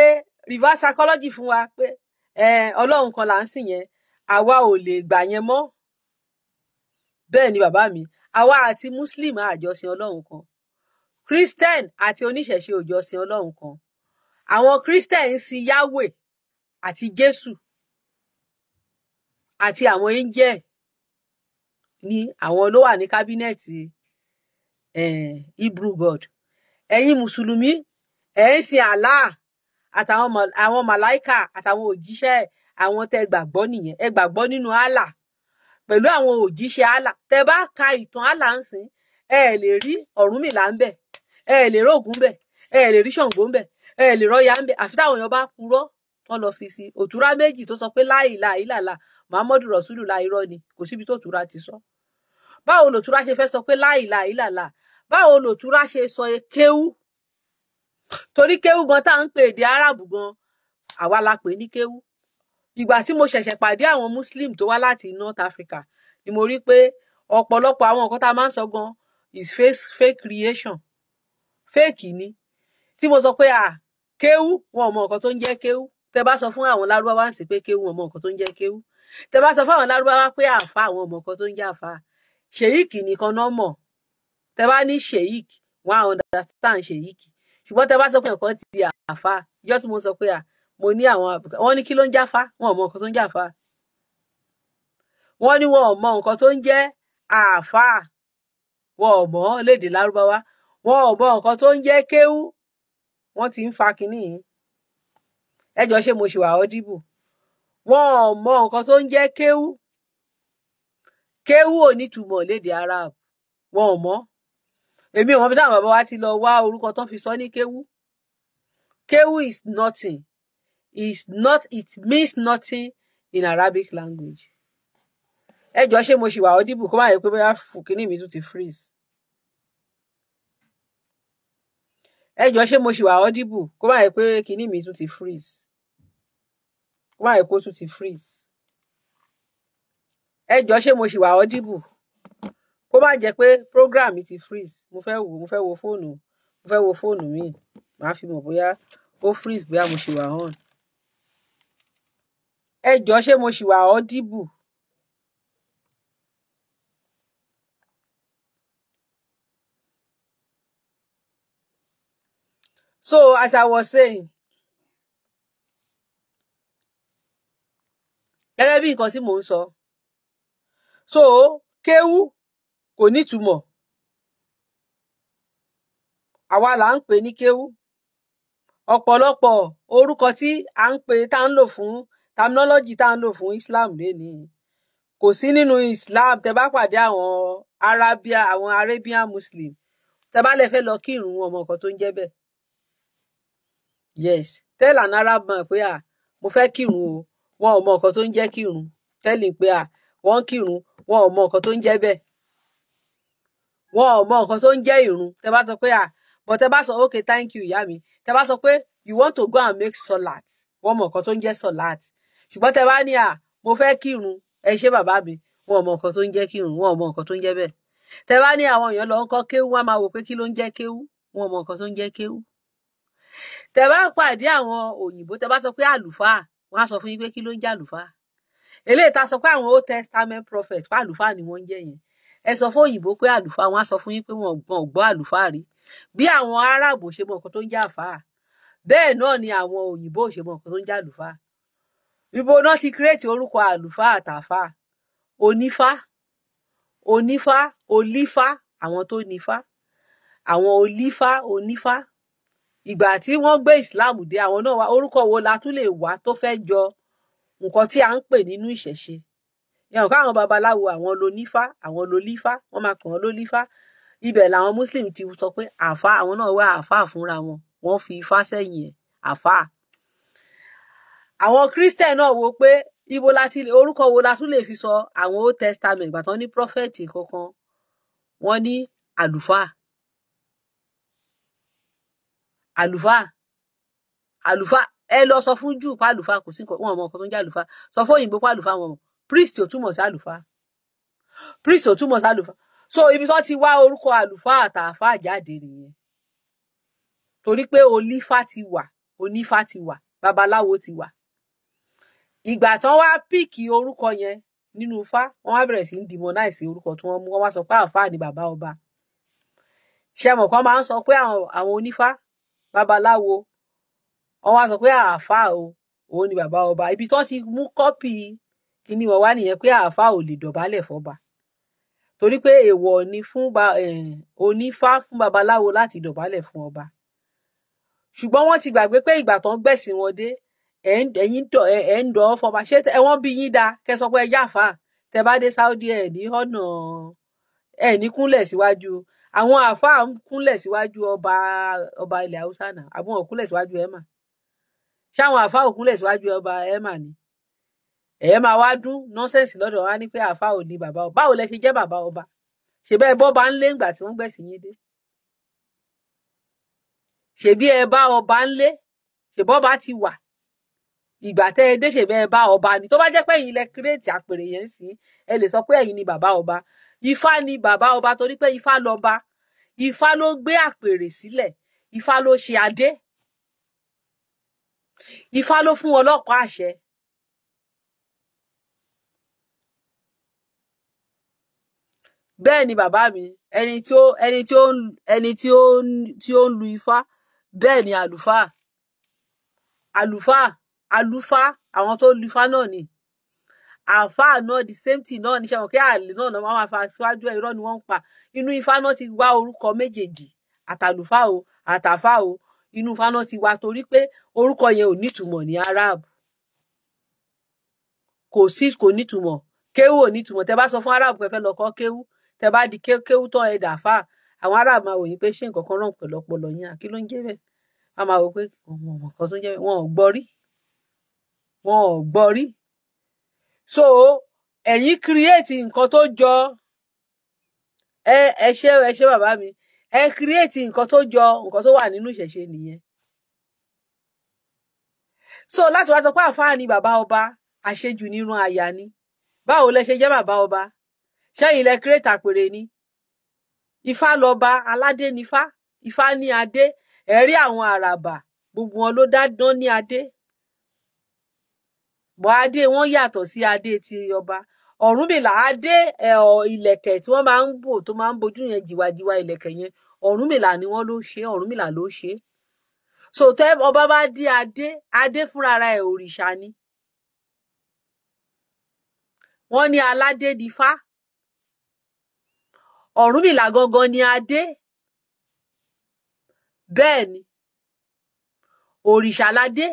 reverse psychology fún wa pé eh, ọlọ́run kan là ń sìn yẹn àwa ò lè gbà yẹn mọ́ bẹ́ẹ̀ ni bàbá mi àwa àti muslim àjọsìn ọlọ́run kan christian àti oníṣẹ̀ṣe òjọsìn ọlọ́run kan àwọn christian ń sin yahweh àti jésù àti àwọn angel ni àwọn ló wà ní eh hebrew god ẹ̀yin mùsùlùmí ẹ̀ ń sin allah àtàwọn àwọn màláìkà àtàwọn òjíṣẹ́ àwọn tẹ gbàgbọ́ nìyẹn ẹ gbàgbọ́ nínú Allah pẹ̀lú àwọn òjíṣẹ́ Allah tẹ bá ka ìtàn Allah ń sìn ẹ lè rí Ọ̀rúnmìlà ń bẹ ẹ lè rí Ògún bẹ ẹ lè rí Ṣàngó ń bẹ ẹ lè rọyà ń bẹ àfi táwọn èèyàn bá purọ́ wọn lọ fi sí òtúrá méjì tó sọ pé láìla ìlàlà Muhammadu Rasulu la irọ́ ni kò síbi tó òtúrá ti sọ báwo lòtúrá ṣe fẹ́ sọ pé láìla ìlàlà báwo lòtúrá ṣe sọ kéwú torí kéwú gan tá à ń pè èdè Árábù gan àwa la pè ní kéwú ìgbà tí mo ṣẹ̀ṣẹ̀ pàdé àwọn muslim tó wá láti north africa ni mo rí pé ọ̀pọ̀lọpọ̀ àwọn nǹkan tá a máa ń sọ gan is fake, fake creation fake ni tí mo sọ pé à kéwú wọn ò mọ nǹkan tó ń jẹ́ kéwú tẹ bá sọ fún àwọn lárúbáwá ń sì pé kéwú wọn ò mọ nǹkan tó ń jẹ́ kéwú tẹ bá sọ fún àwọn lárúbáwá pé àfa àwọn ò mọ nǹkan tó ń jẹ́ àfa ṣèyíkì nìkan náà mọ̀ tẹ bá ní ṣèyíkì wọn àwọn understand ṣèyíkì ṣùgbọ́n tẹ bá sọ pé nǹkan ti àfa ìjọ tí mo sọ pé à mo ní àwọn àbùkà wọ́n ní kí ló ń jáfá wọn ò mọ nǹkan tó ń jáfá wọ́n ní wọn ò mọ nǹkan tó ń jẹ́ àáfà wọn ò mọ lédè lárúbáwá wọn ò mọ nǹkan tó ń jẹ́ kéwú wọ́n ti ń fa kinní yìí ẹjọ ṣé mo ṣì wà ọdíbù wọn ò mọ nǹkan tó ń jẹ́ kéwú kéwú ò ní túmọ̀ lédè arab wọn ò mọ èmi ò mọ bí táwọn bàbá wa ti lọ wá orúkọ tó fi sọ ní kéwú kéwú is nothing is not it means nothing in Arabic language ẹ jọ ṣé mo ṣì wà audible kó má yẹ pé bóyá fùkínì mi tún ti freeze ẹ jọ ṣé mo ṣì wà audible kó má yẹ pé kinní mi tún ti freeze kó má yẹ pé ó tún ti freeze ẹ jọ ṣé mo ṣì wà audible kó má jẹ́ pé program mi ti freeze mo fẹ́ wò mo fẹ́ wo fóònù mo fẹ́ wo fóònù mi màá fi mọ̀ bóyá ó freeze bóyá mo ṣì wà on ẹ jọ̀ọ́ ṣé mo ṣì wà audible so as i was saying gẹ́gẹ́ bí nǹkan tí mò ń sọ so kéwú kò nítumọ̀ àwa là ń pè ní kéwú ọ̀pọ̀lọpọ̀ orúkọ tí à ń pè tá ń lò fún terminology tá à ń lò fún Islam lẹ́ni kò sí nínú Islam tẹ bá pàdé àwọn Arabia àwọn Arabian Muslim tẹ bá lè fẹ́ lọ kírun ọmọ kan tó ń jẹ́ bẹ́ẹ̀ yes tell an Arab man pé à mo fẹ́ kírun o wọn ò mọ nǹkan tó ń jẹ́ kírun tell him pé à wọ́n kírun wọn ò mọ tó ń jẹ́ bẹ́ẹ̀ wọn ò mọ tó ń jẹ́ ìrun tẹ bá sọ pé à but tẹ bá sọ okay thank you ìyá mi tẹ bá sọ pé you want to go and make salat wọn mọ nǹkan tó ń jẹ́ salat ṣùgbọ́n tẹ bá ní à mo fẹ́ kírun ẹ ṣe bàbá mi wọn ò mọ nǹkan tó ń jẹ́ kírun wọn ò mọ nǹkan tó ń jẹ́ bẹ́ẹ̀ tẹ bá ní àwọn èèyàn lọ ń kọ́ kéwú wọn máa wò pé kí ló ń jẹ́ kéwú wọn ò mọ nǹkan tó ń jẹ́ kéwú tẹ bá pàdé àwọn òyìnbó tẹ bá sọ pé àlùfáà wọn á sọ fún yín pé kí ló ń jẹ́ àlùfáà eléyìí tá a sọ pé àwọn old testament prophet pé àlùfáà ni wọ́n ń jẹ́ yẹn ẹ sọ fún òyìnbó pé àlùfáà wọn á sọ fún yín pé wọn ò gbọ́ àlùfáà rí bí àwọn aráàbò ṣe mọ nǹkan tó ń jẹ́ àfáà bẹ́ẹ̀ náà ni àwọn òyìnbó ṣe mọ nǹkan tó ń jẹ́ àlùfáà ibo náà ti kírètì orúkọ àlùfáà àtàfà onífá onífá olífá àwọn tó nífá àwọn olífá onífá ìgbà tí wọ́n gbé islam dé àwọn náà wá orúkọ wo la tún lè wá tó fẹ́ jọ nǹkan tí à ń pè nínú ìṣẹ̀ṣe yẹn káwọn babaláwo àwọn lonífá àwọn lolífá wọ́n máa kàn án lolífá ibẹ̀ làwọn muslim ti sọ pé àfa àwọn náà wá àfa fúnra wọn wọ́n fi ifá sẹ́yìn ẹ̀ àfa àwọn christian náà wo pé ibo láti orúkọ wo la tún lè fi sọ àwọn old testament gbàtàn ní prophet kankan wọ́n ní àlùfáà àlùfáà àlùfáà ẹ lọ sọ fún jù pa àlùfáà kò sí wọn ọmọ kan tó ń jẹ àlùfáà sọ fún òyìnbó pa àlùfáà wọn mọ priest ò túmọ̀ sí àlùfáà priest ò túmọ̀ sí àlùfáà so ibi tó ti wá orúkọ àlùfáà àtàfáà jáde nìyẹn torí pé onífá ti wà onífá ti wà babaláwo ti wà ìgbà tán wá píìkì orúkọ yẹn nínú ifá wọn wá bẹ̀rẹ̀ sí í demonize orúkọ tí wọ́n mú wọn wá sọ pé àáfàá ni bàbá ọba ṣẹmọ̀ kan máa ń sọ pé àwọn onífá babaláwo wọ́n wá sọ pé àáfàá o òun ni bàbá ọba ibi tó ti mú kọ́pì kíní wọn wá nìyẹn pé àáfàá ò lè dọ̀bálẹ̀ fọba torí pé èèwọ̀ ni fún onífá fún babaláwo láti dọ̀bálẹ̀ fún ọba ṣùgbọ́n wọ́n ti gbàgbé pé ìgbà tó ń wọn dé ẹ̀yin tọ̀ ẹ̀ ń dọ̀ fọba ṣé ẹ̀wọ́n bí yín da kẹ́ sọ pé ẹ jáfa tẹ́ bá dé Saudi ẹ̀ ní ọ̀nà ẹ̀ ní kúnlẹ̀ síwájú àwọn àáfàá ń kúnlẹ̀ síwájú ọba ọba ilẹ̀ haúsá náà àbí wọn ò kúnlẹ̀ síwájú ẹ̀mà ṣé àwọn àáfàá ò kúnlẹ̀ síwájú ọba ẹ̀mà ni ẹ̀yẹ́ máa wá dún nọ́sẹ̀nsì lọ́dọ̀ wa ní pé àáfàá ò ní bàbá ọba báwo lẹ ṣe jẹ́ bàbá ọba ṣe bẹ́ẹ̀ bọ́ bá ń lé ńgbà tí wọ́n gbẹ̀sìn yín dé ṣèbí ẹ bá ọba ń lé ṣèbọ́ba ti wà ìgbà tẹ ẹ déṣe bẹ́ẹ̀ bá ọba ni tó bá jẹ́ pé ẹ̀yin lẹ kírètì àpèrè yẹn sí ẹ lè sọ pé ẹ̀yin ni bàbá ọba ifá ni bàbá ọba torí pé ifá lọba ifá ló gbé àpèrè sílẹ̀ ifá ló ṣe adé ifá ló fún ọlọ́pàá àṣẹ. bẹ́ẹ̀ ni bàbá mi ẹni tí ó ẹni tí ó ẹni tí ó tí ó ń lu ifá bẹ́ẹ̀ ni àlùfáà àlùfáà Alufa, àwọn tó lùfá náà ni àfáà náà the same thing náà níṣẹ́ wọn kí àlè náà náà máa fa síwájú ẹ̀ irọ́ ni wọ́n ń pa inú ifá náà ti wá orúkọ méjèèjì àtàlùfáà o àtàfáà o inú ifá náà ti wá torí pé orúkọ yẹn ò nítumọ̀ ní Arab kò sí kò nítumọ̀ kéwù ò nítumọ̀ tẹ bá sọ fún Arab pé fẹ́ lọ kọ́ kéwù tẹ bá di kéwù tán ẹ dàfà àwọn Arab máa wò yín pé ṣé nǹkan kan náà pẹ̀lú ọpọlọ yín àkí ló ń jẹ́ bẹ́ẹ̀ wọ́n máa wò pé wọn ò gbọ́ wọn ò gbọ́ rí so ẹ̀yin create nǹkan tó jọ ẹ ẹ ṣé ẹ ṣé bàbá mi ẹ create nǹkan tó jọ nǹkan tó wà nínú ìṣẹ̀ṣe nìyẹn so láti wá sọ pé àfáà ni bàbá ọba àṣejù nírun àyà ni báwo lẹ ṣe jẹ́ bàbá ọba ṣẹyìn lẹ create àpèrè ni ifá lọba aládé nífá ifá ní adé ẹ̀rí àwọn àràbà gbogbo wọn ló dá dán ní adé bọ́ adé wọn yàtọ̀ sí adé ti ọba ọ̀rúnmìlà adé ìlẹ̀kẹ̀ tí wọ́n máa ń bò tó máa ń bojú yẹn jìwàjìwà ìlẹ̀kẹ̀ yẹn ọ̀rúnmìlà ni wọ́n ló ṣe ọ̀rúnmìlà ló ṣe so tẹ ọba bá dé adé adé fúnra ara ẹ̀ òrìṣà ni wọ́n ní aládé di fá ọ̀rúnmìlà gangan ni adé bẹ́ẹ̀ ni òrìṣà ládé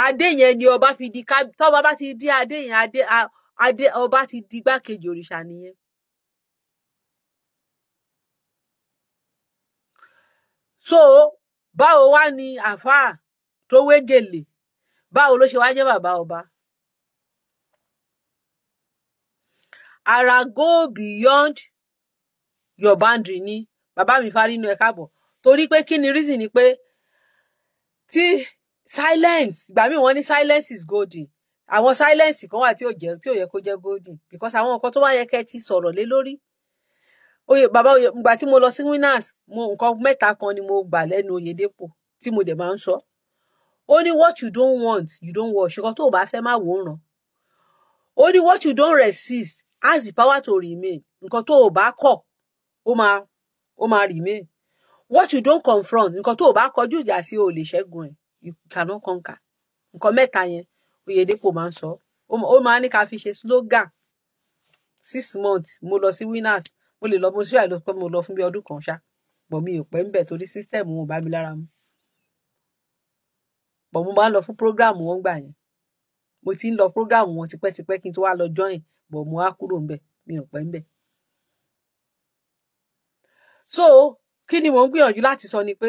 adé yẹn ni ọba fi di ká tọ́ba bá ti di adé yẹn adé adé ọba ti di igbákejì òrìṣà nìyẹn. so báwo wá ni àáfàá tó wé báwo ló ṣe wá jẹ́ bàbá ọba. ara go beyond your boundary ni bàbá mi Fárínú ẹ káàbọ̀ torí pé kí ni reason ni pé tí silence ìgbà míì wọ́n ní silence is golden àwọn silence kan wà tí ò jẹ́ tí ò yẹ kó jẹ́ golden because àwọn nǹkan tó wá yẹ kẹ́ ti sọ̀rọ̀ lé lórí oyè bàbá oyè ìgbà tí mo lọ sí winners mo nǹkan mẹ́ta kan ni mo gbà lẹ́nu Oyèdépò tí mo dẹ̀ máa ń sọ ó ní what you don't want you don't want ṣùgbọ́n tó o bá fẹ́ má wòran ó ní what you don't resist has the power to remain nǹkan tó o bá kọ̀ ó máa ó máa remain what you don't confront nǹkan tó o bá kọjú ìjà sí o lè ṣẹ́gun ẹ̀ you cannot conquer nǹkan mẹ́ta yẹn Oyedepo máa ń sọ ó máa ní ká fi ṣe slogan six months mo lọ sí winners mo lè lọ mo ṣe àìlọ pé mo lọ fún bí ọdún kan ṣá bọ̀ mi ò pẹ́ ń bẹ̀ torí system wọn ò bá mi lára mu bọ̀ mo máa ń lọ fún program wọn gbà yẹn mo ti ń lọ program wọn tipẹ́tipẹ́ kí n tó wá lọ join bọ̀ mo á kúrò ń bẹ̀ mi ò pẹ́ ń bẹ̀. so kí ni mò ń gbìyànjú láti sọ ni pé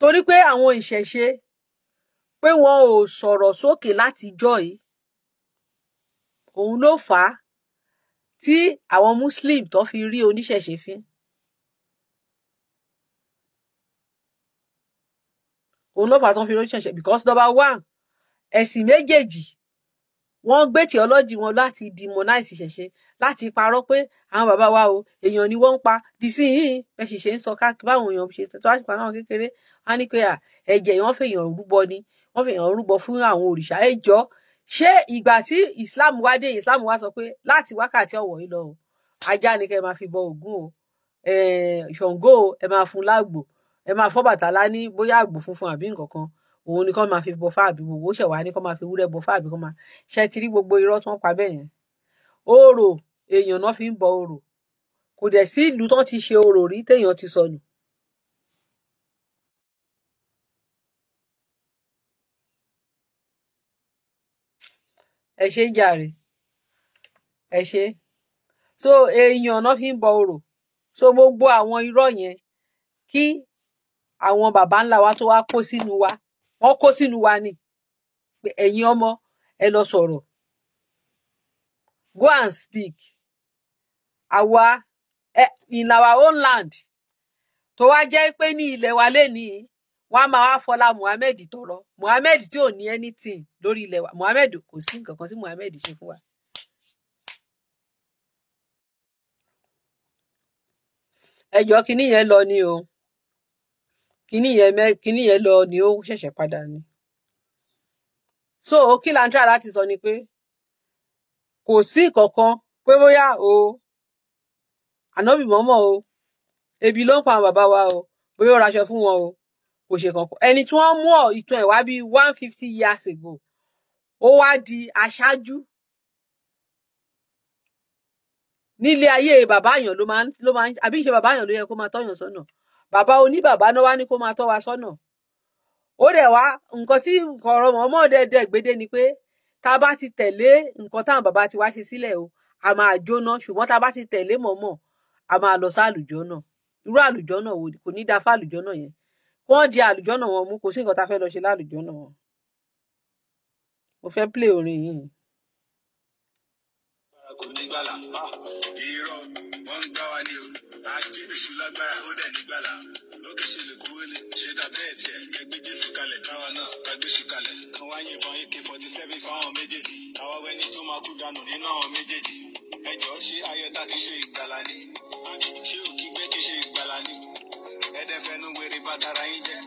torí pé àwọn ìṣẹ̀ṣe pé wọn ò sọ̀rọ̀ sókè látijọ́ yìí òun ló fà á tí àwọn muslim tó fi rí oníṣẹ̀ṣe fín. òun ló fà á tó fi rí oníṣẹ̀ṣe because number one ẹ̀sìn méjèèjì wọ́n gbé theology wọn láti demonize ìṣẹ̀ṣe láti parọ́ pé àwọn bàbá wa o èèyàn ni wọ́n ń pa di sí yìí bẹ́ẹ̀ sì ṣe ń sọ káàkiri báwọn èèyàn ṣe tó láti pa náà kékeré á ní pé ẹ̀jẹ̀ wọ́n fèèyàn rúbọ ni wọ́n fèèyàn rúbọ fún àwọn òrìṣà ẹ jọ ṣé ìgbà tí Islam wá dé Islam wá sọ pé láti wákàtí ọ̀wọ̀ yìí lọ o ajá ni kẹ́ ẹ máa fi bọ Ògún o Ṣàngó o ẹ máa fún lágbo ẹ máa fọ́ Bàtálá ní bóyá àgbò funfun àbí nǹkan kan òun ni kọ́ máa fi bọ fáàbì wòwò ṣẹ̀ wá ní kọ́ máa fi wúrẹ́ bọ fáàbì kọ́ máa ṣe ti rí gbogbo irọ́ tí wọ́n pa bẹ́ẹ̀ yẹn orò èèyàn náà fi ń bọ orò kò dẹ̀ sí ìlú tán ti ṣe orò rí téèyàn ti sọnù. ẹ ṣe jàre ẹ ṣe so èèyàn náà fi ń bọ orò so gbogbo àwọn irọ́ yẹn kí àwọn baba ńlá wa tó wá kó sínú wa wọn kó sínú wa ni pé ẹ̀yin ọmọ ẹ lọ sọ̀rọ̀ go and speak àwa in our own land tó wá jẹ́ pé ní ilẹ̀ wa lénìí wọ́n á máa wá fọlá Muhammed tọrọ Muhammed tí ò ní anything lórí ilẹ̀ wa Muhammed kò sí nǹkan kan tí Muhammed ṣe fún wa. ẹjọ́ kínní yẹn lọ ni o kinní yẹn mẹ kinní yẹn lọ ni ó ṣẹ̀ṣẹ̀ padà ni so kí la ń try láti sọ ni pé kò sí ìkọ̀kan pé bóyá o ànábì mọ́mọ́ o ebi ló ń pa àwọn bàbá wa o bóyá ó raṣọ fún wọn o kò ṣe kankan ẹni tí wọ́n mú ìtàn ẹ̀ wá bíi one fifty years ago ó wá di aṣáájú nílé ayé bàbá àyàn ló máa ń àbí ìṣe bàbá àyàn ló yẹ kó máa tọ́yàn sọ́nà bàbá oníbàbá náà wá ní kó máa tọ́ wa sọ́nà ó dẹ̀ wá nǹkan tí ọ̀rọ̀ mọ̀ọ́mọ̀ dẹ̀dẹ̀ gbédè ni pé tá a bá ti tẹ̀lé nǹkan táwọn bàbá ti wá ṣe sílẹ̀ o a máa jóná ṣùgbọ́n tá a bá ti tẹ̀lé mọ̀ọ́mọ̀ a máa lọ sí àlùjọ náà irú àlùjọ náà wò kò ní dáa fún àlùjọ náà yẹn wọ́n di àlùjọ náà wọn mú kò sí nǹkan tá a fẹ́ lọ ṣe lálùjọ náà wọn. mo fẹ́ play orin yìí. kò ní gbàlà irọ́ wọ́n ń gbá wa ní o àjẹnìṣu lágbára ó dẹ̀ nígbàlà lókè ṣe lè kówó lè ṣe dàbẹ́ ẹ̀ tiẹ̀ kẹgbẹ́ jésù kalẹ̀ káwa náà kẹgbẹ́ ṣù kalẹ̀ kan wá yìnbọn ak forty seven fáwọn méjèèjì táwa wẹni tó máa kú dànù nínú àwọn méjèèjì ẹjọ́ ṣé ayọ̀dá kì í ṣe ìgbàlà ni ṣé òkìgbẹ́ kì í ṣe ìgbàlà ni ẹ̀ẹ́dẹ́fẹ́nu wèrè bàtàrà yín jẹ́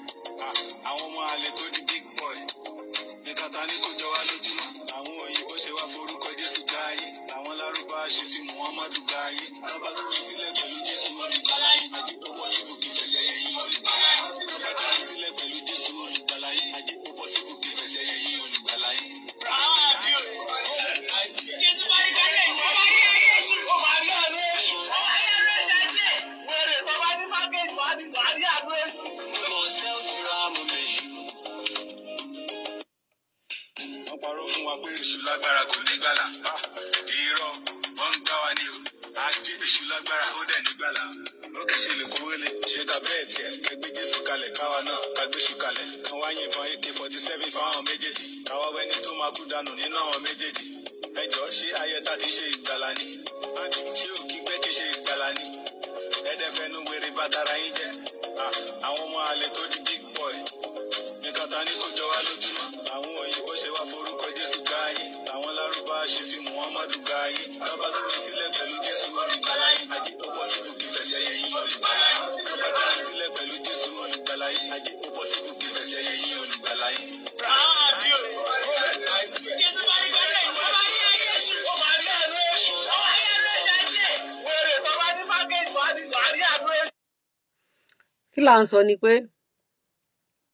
kí là ń sọ ni pé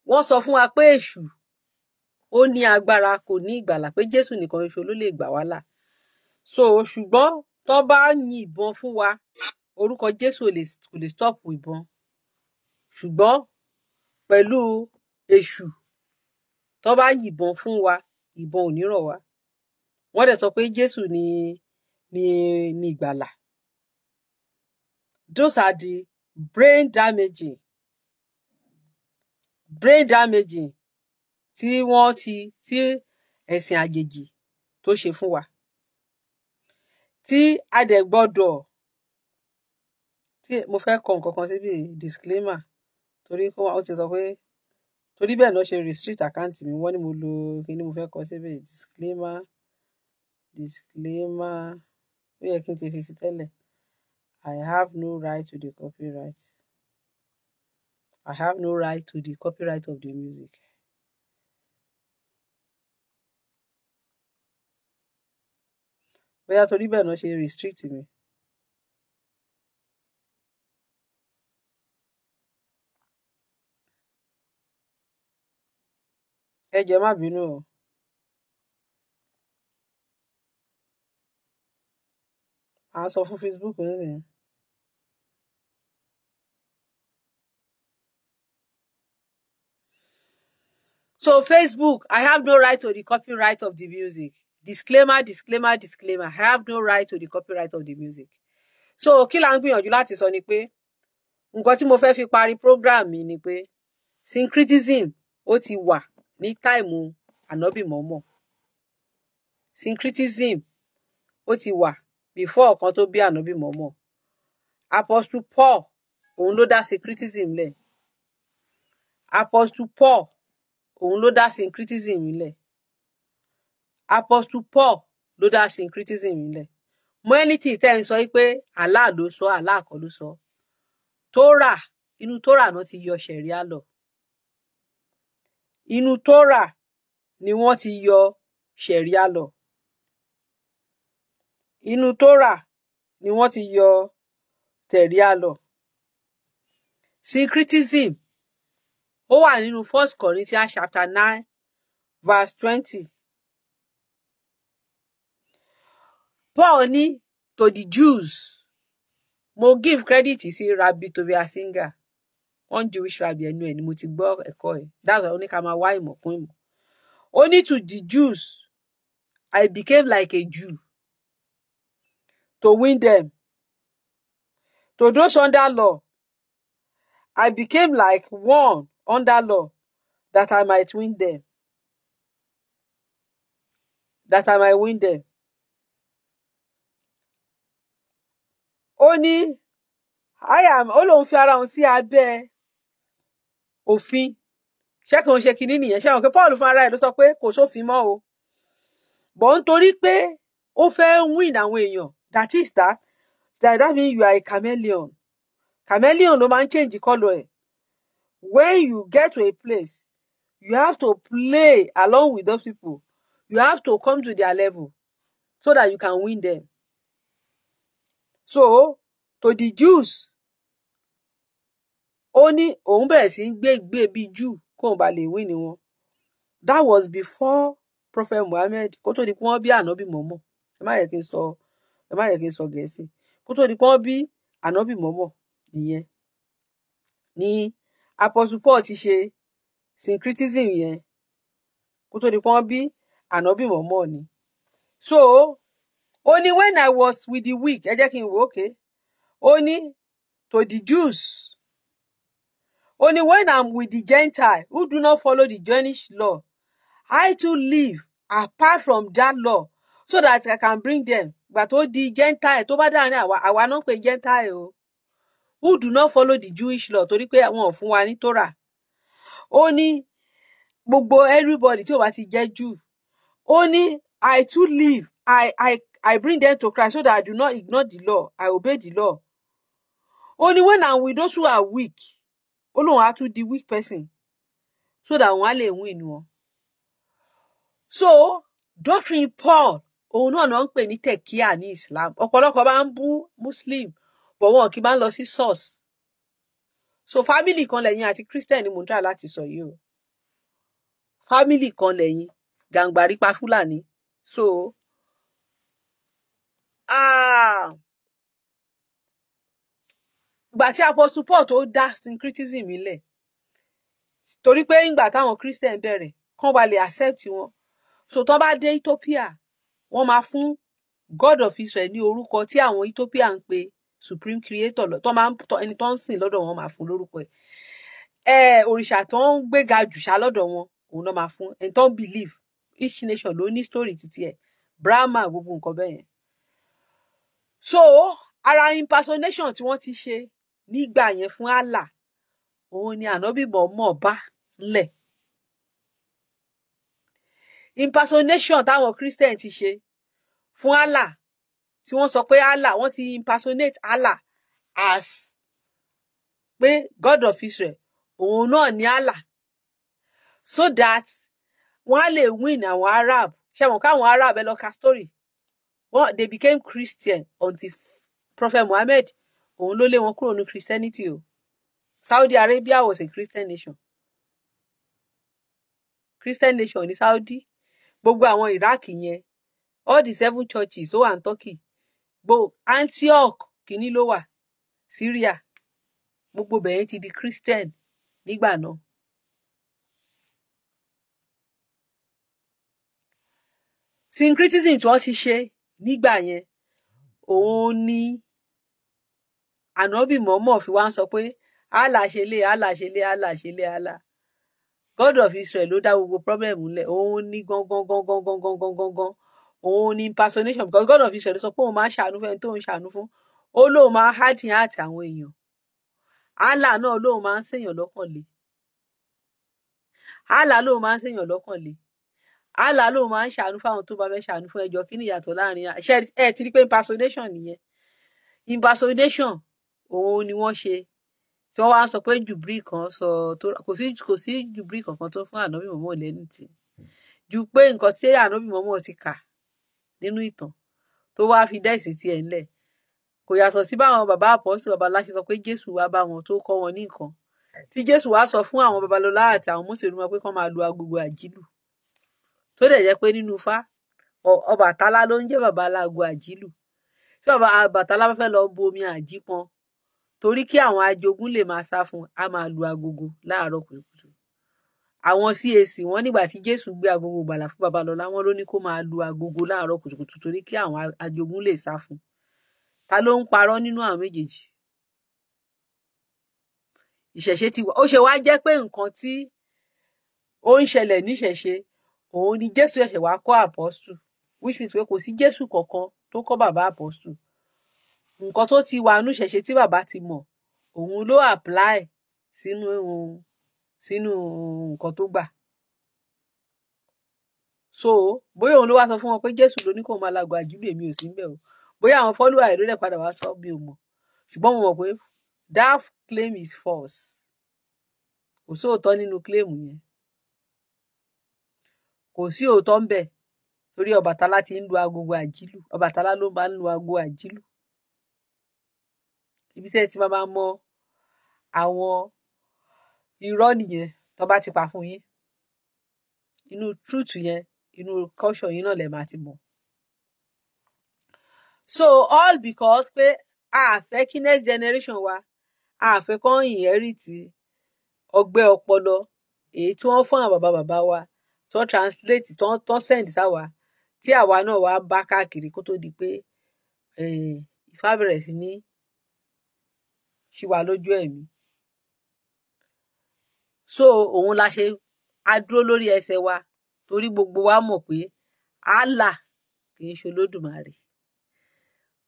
wọ́n sọ fún wa pé èṣù ó ní agbára kò ní ìgbàlà pé jésù nìkan ṣoṣo ló lè gbà wá là so ṣùgbọ́n tó bá yìnbọn fún wa orúkọ jésù kò lè stop ìbọn ṣùgbọ́n pẹ̀lú èṣù tó bá yìnbọn fún wa ìbọn ò ní rọ̀ wá wọ́n dẹ̀ sọ pé jésù ni ni ni ìgbàlà those are the brain damaging brain damaging tí wọ́n ti tí ẹ̀sìn àjèjì tó ṣe fún wa tí a dẹ̀ gbọ́dọ̀ tí mo fẹ́ kọ nǹkan kan síbi disclaimer torí kó ó ti sọ pé torí bẹ́ẹ̀ náà ṣe restrict account mi wọ́n ní mo lo kíní mo fẹ́ kọ síbi disclaimer disclaimer ó yẹ kí n ti fi sí tẹ́lẹ̀ I have no right to the copyright. I have no right to the copyright of the music. bóyá torí bẹ́ẹ̀ náà ṣe restrict mi. ẹ jẹ́ má bínú o. à ń sọ fún Facebook nísìnyí. So Facebook, I have no right to the copyright of the music. Disclaimer, disclaimer, disclaimer. I have no right to the copyright of the music. So Kilangbi on ń is láti sọ ni pé nǹkan tí mo fẹ́ fi parí program mi ni pé syncretism ó ti wà ní táìmù ànábì mọ́mọ́ syncretism ó ti wà before ọ̀kan tó bí ànábì mọ́mọ́ apostle Paul òun ló dá syncretism le. apostle Paul òun ló dá syncretism nílẹ̀ apostle paul ló dá syncretism nílẹ̀ mọ́ẹ́nìtì tẹ́ ń sọ pé Allah ló sọ Allah kọ́ ló sọ tóra inú tóra náà ti yọ ṣẹ̀ríà lọ inú tóra ni wọ́n ti yọ ṣẹ̀ríà lọ inú tóra ni wọ́n ti yọ tẹ̀ríà lọ syncretism ó wà nínú First Corinthians chapter nine verse twenty. Paul ní to the Jews mo give credit sí Rabbi Tobias Singer one Jewish rabbi ẹnu ẹ̀ ni mo ti gbọ́ ẹ̀kọ́ ẹ̀ that's why ó ní ká máa wá ìmọ̀ kún ìmọ̀ ó ní to the Jews I became like a Jew to win them to those under law I became like one under law that I might win them. That I might win them. Ó ní àyà ó lóun fi around òun sí abẹ́ òfin ṣé kò ń ṣe kinní nìyẹn ṣé àwọn pé Paul fún ara ẹ̀ ló sọ pé kò sófin mọ́ o bọ̀ nítorí pé ó fẹ́ win awon eyan that is that that that means you are a chameleon chameleon ló máa change color ẹ̀ when you get to a place, you have to play along with those people. You have to come to their level so that you can win them. So, to the Jews, only ní big, bẹ̀rẹ̀ Jew kóun bá lè win ni That was before Prophet Muhammad kó tó di pé wọ́n bí ànábì mọ̀mọ́. Ẹ má yẹ kí n sọ ẹ má yẹ kí n sọ Gẹ̀ẹ́sì. Kó tó di pé wọ́n bí ànábì mọ̀mọ́ apostle paul ti ṣe syncretism yẹn kó tó di pọ́n bí ànábì mọ̀mọ́ ni so ó ní when i was with the weak ẹ jẹ́ kí n wò ó ké ó ní to the jews ó ní when i'm with the gentile who do not follow the Jewish law i too live apart from that law so that i can bring them gbà tó di gentile tó bá dáhùn ní àwa àwa náà ń gentile o who do not follow the Jewish law torí pé àwọn ò wa ní Torah ó ní gbogbo everybody tí ò bá ti jẹ́ Jew ó ní I too live I I I bring them to Christ so that I do not ignore the law I obey the law ó ní when and with those who are weak ó lóun á di weak person so that wọn á lè win wọn so doctrine Paul òun náà náà ń pè ní tekia ní Islam ọ̀pọ̀lọpọ̀ bá ń bú Muslim but wọn kì í máa ń lọ sí source so family kan lẹ́yìn àti christian ni mò ń try láti sọ yìí o family kan lẹ́yìn gàǹgbàrípa fúlàní so ah, ìgbà tí apostle paul tó dá syncretism nílẹ̀ torí pé ìgbà táwọn christian bẹ̀rẹ̀ kán ba lè accept wọn so tó bá dé Ethiopia wọ́n máa fún God of Israel ní orúkọ tí àwọn Ethiopia ń pè supreme creator lọ tó máa ń tọ ẹni tó ń sìn lọ́dọ̀ wọn máa fún lórúkọ ẹ ẹ òrìṣà tó ń gbéga jù ṣá lọ́dọ̀ wọn òun náà máa fún ẹni tó ń believe each nation ló ní story títí ẹ brahma gbogbo nǹkan bẹ́ẹ̀ yẹn so ara impersonation tí wọ́n ti ṣe nígbà yẹn fún Allah òun ni ànábìbọ mọ bá ńlẹ impersonation táwọn christian ti ṣe fún Allah tí wọ́n sọ pé Allah wọ́n ti impersonate Allah as pé God of Israel òun náà ni Allah so that wọ́n á lè win àwọn Arab ṣe mọ̀ káwọn Arab ẹ lọ ka story well, they became Christian until Prophet Muhammad òun ló lé wọn kúrò ní Christianity o Saudi Arabia was a Christian nation Christian nation ní Saudi gbogbo àwọn Iraq yẹn all the seven churches tó wà ní Turkey gbo Antioch kínní ló wà Syria gbogbo bẹ̀yẹn ti di Christian nígbà náà. syncretism tí wọ́n ti ṣe nígbà yẹn òun ni ànábì mọ̀ọ́mọ̀ fi wá ń sọ pé Allah ṣe lé Allah ṣe Allah ṣe Allah God of Israel ló dá gbogbo problem ńlẹ̀ òun ní gangan gangan gangan gangan gangan òun ni impersonation because God of Israel sọ pé òun máa ń ṣàánú fún ẹni tó ń ṣàánú fún ó lóun máa ń harden heart àwọn èèyàn Allah náà lóun máa ń ṣèyàn lọ́kàn le Allah lóun máa ń ṣèyàn lọ́kàn le Allah lóun máa ń ṣàánú fún àwọn tó bá fẹ́ ṣàánú fún ẹjọ́ kí ni ìyàtọ̀ láàrin ẹ ti rí pé impersonation nìyẹn impersonation òun ni wọ́n ṣe tí wọ́n wá sọ pé jùbírí kan sọ tó kò sí kò sí jùbírí kankan tó fún ànábì mọ́mọ́ lẹ́nu tì ju pé nǹkan tí ànábì mọ́mọ́ ti kà nínú ìtàn tó wáá fi dá ẹ̀sìn tiẹ̀ ńlẹ̀ kò yàtọ̀ sí báwọn bàbá àpọ́sù babaláṣe sọ pé jésù wá bá wọn tó kọ́ wọn ní nǹkan tí jésù wá sọ fún àwọn babalọ́lá àti àwọn mùsùlùmí pé kán máa lu agogo àjílù tó dẹ̀ jẹ́ pé nínú fá ọbàtálá ló ń jẹ́ bàbá alágo àjílù tí bàbá ọbàtálá bá fẹ́ lọ bu omi àjípọn torí kí àwọn ajogún lè máa sá fún un á máa lu agogo láàárọ̀ pẹ̀lú àwọn CAC wọn nígbà tí Jésù gbé agogo ìgbàlà fún Babalọlá wọn ló ní kó máa lu agogo láàárọ̀ kùtùkùtù torí kí àwọn ajogun lè sá fún ta ló ń parọ́ nínú àwọn méjèèjì ìṣẹ̀ṣe ti wà ó ṣe wá jẹ́ pé nǹkan tí ó ń ṣẹlẹ̀ níṣẹ̀ṣe òun ni Jésù ṣẹ̀ṣẹ̀ wá kọ́ àpọ́stù which means pé kò sí Jésù kankan tó kọ́ bàbá àpọ́stù nǹkan tó ti wà nú ṣẹ̀ṣe tí bàbá ti mọ̀ òun ló apply sínú sínú nǹkan tó gbà so bóyá òun ló wá sọ fún wọn pé jésù ló ní kó máa làgọ àjúlù èmi ò sí ń bẹ o bóyá àwọn fọlùwà ẹ ló dẹ padà wá sọ bí o mọ ṣùgbọ́n mo mọ̀ pé that claim is false kò sí òótọ́ nínú claim yẹn kò sí òótọ́ ń bẹ torí ọbàtálá ti ń lu agogo àjìlù ọbàtálá ló máa ń lu agogo àjìlù ibi tẹ́ ẹ ti máa mọ àwọn irọ́ nìyẹn tó bá ti pa fún yín inú truth yẹn inú culture yín náà lè máa ti mọ̀ so all because pé a fẹ́ kí next generation wa a fẹ́ kọ́ inherit ọgbẹ́ ọpọlọ èyí tí wọ́n fún àwọn bàbá bàbá wa tí translate tí wọ́n tán send sáwa tí àwa náà wá bá káàkiri kó tó di pé eh, Ifá bẹ̀rẹ̀ sí ní ṣì wà lójú ẹ̀mí so òun la ṣe a dúró lórí ẹsẹ̀ wa torí gbogbo wa mọ̀ pé Allah kì í ṣe olódùmarè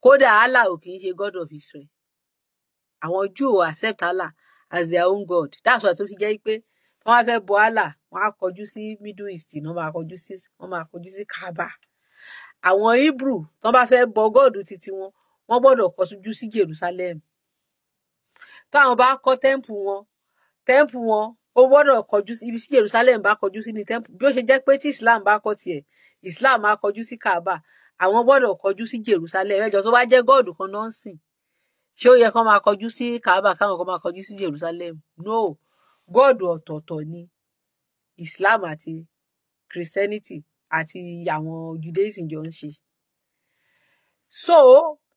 kódà Allah ò kì í ṣe God of Israel àwọn Júù ò accept Allah as their own God that's why tó fi jẹ́ pé wọ́n wá fẹ́ bọ Allah wọ́n á kọjú sí Middle East náà máa kọjú sí wọ́n máa kọjú sí Kaaba àwọn Hebrew tán bá fẹ́ bọ gọ́ọ̀dù títí wọn wọ́n gbọ́dọ̀ kọjú sí Jerusalem táwọn bá kọ́ tẹ́ǹpù wọn tẹ́ǹpù wọn ó gbọ́dọ̀ kọjú sí ibi tí Jerusalem bá kọjú sí ní temple bí ó ṣe jẹ́ pé tí Islam bá kọ tiẹ̀ Islam á kọjú sí Kaaba àwọn gbọ́dọ̀ kọjú sí Jerusalem ẹjọ́ tó bá jẹ́ gọọdù kan náà ń sìn ṣé ó yẹ kán máa kọjú sí Kaaba káwọn kan máa kọjú sí Jerusalem no gọọdù ọ̀tọ̀ọ̀tọ̀ ni Islam àti Christianity àti àwọn Judaism jọ ń ṣe so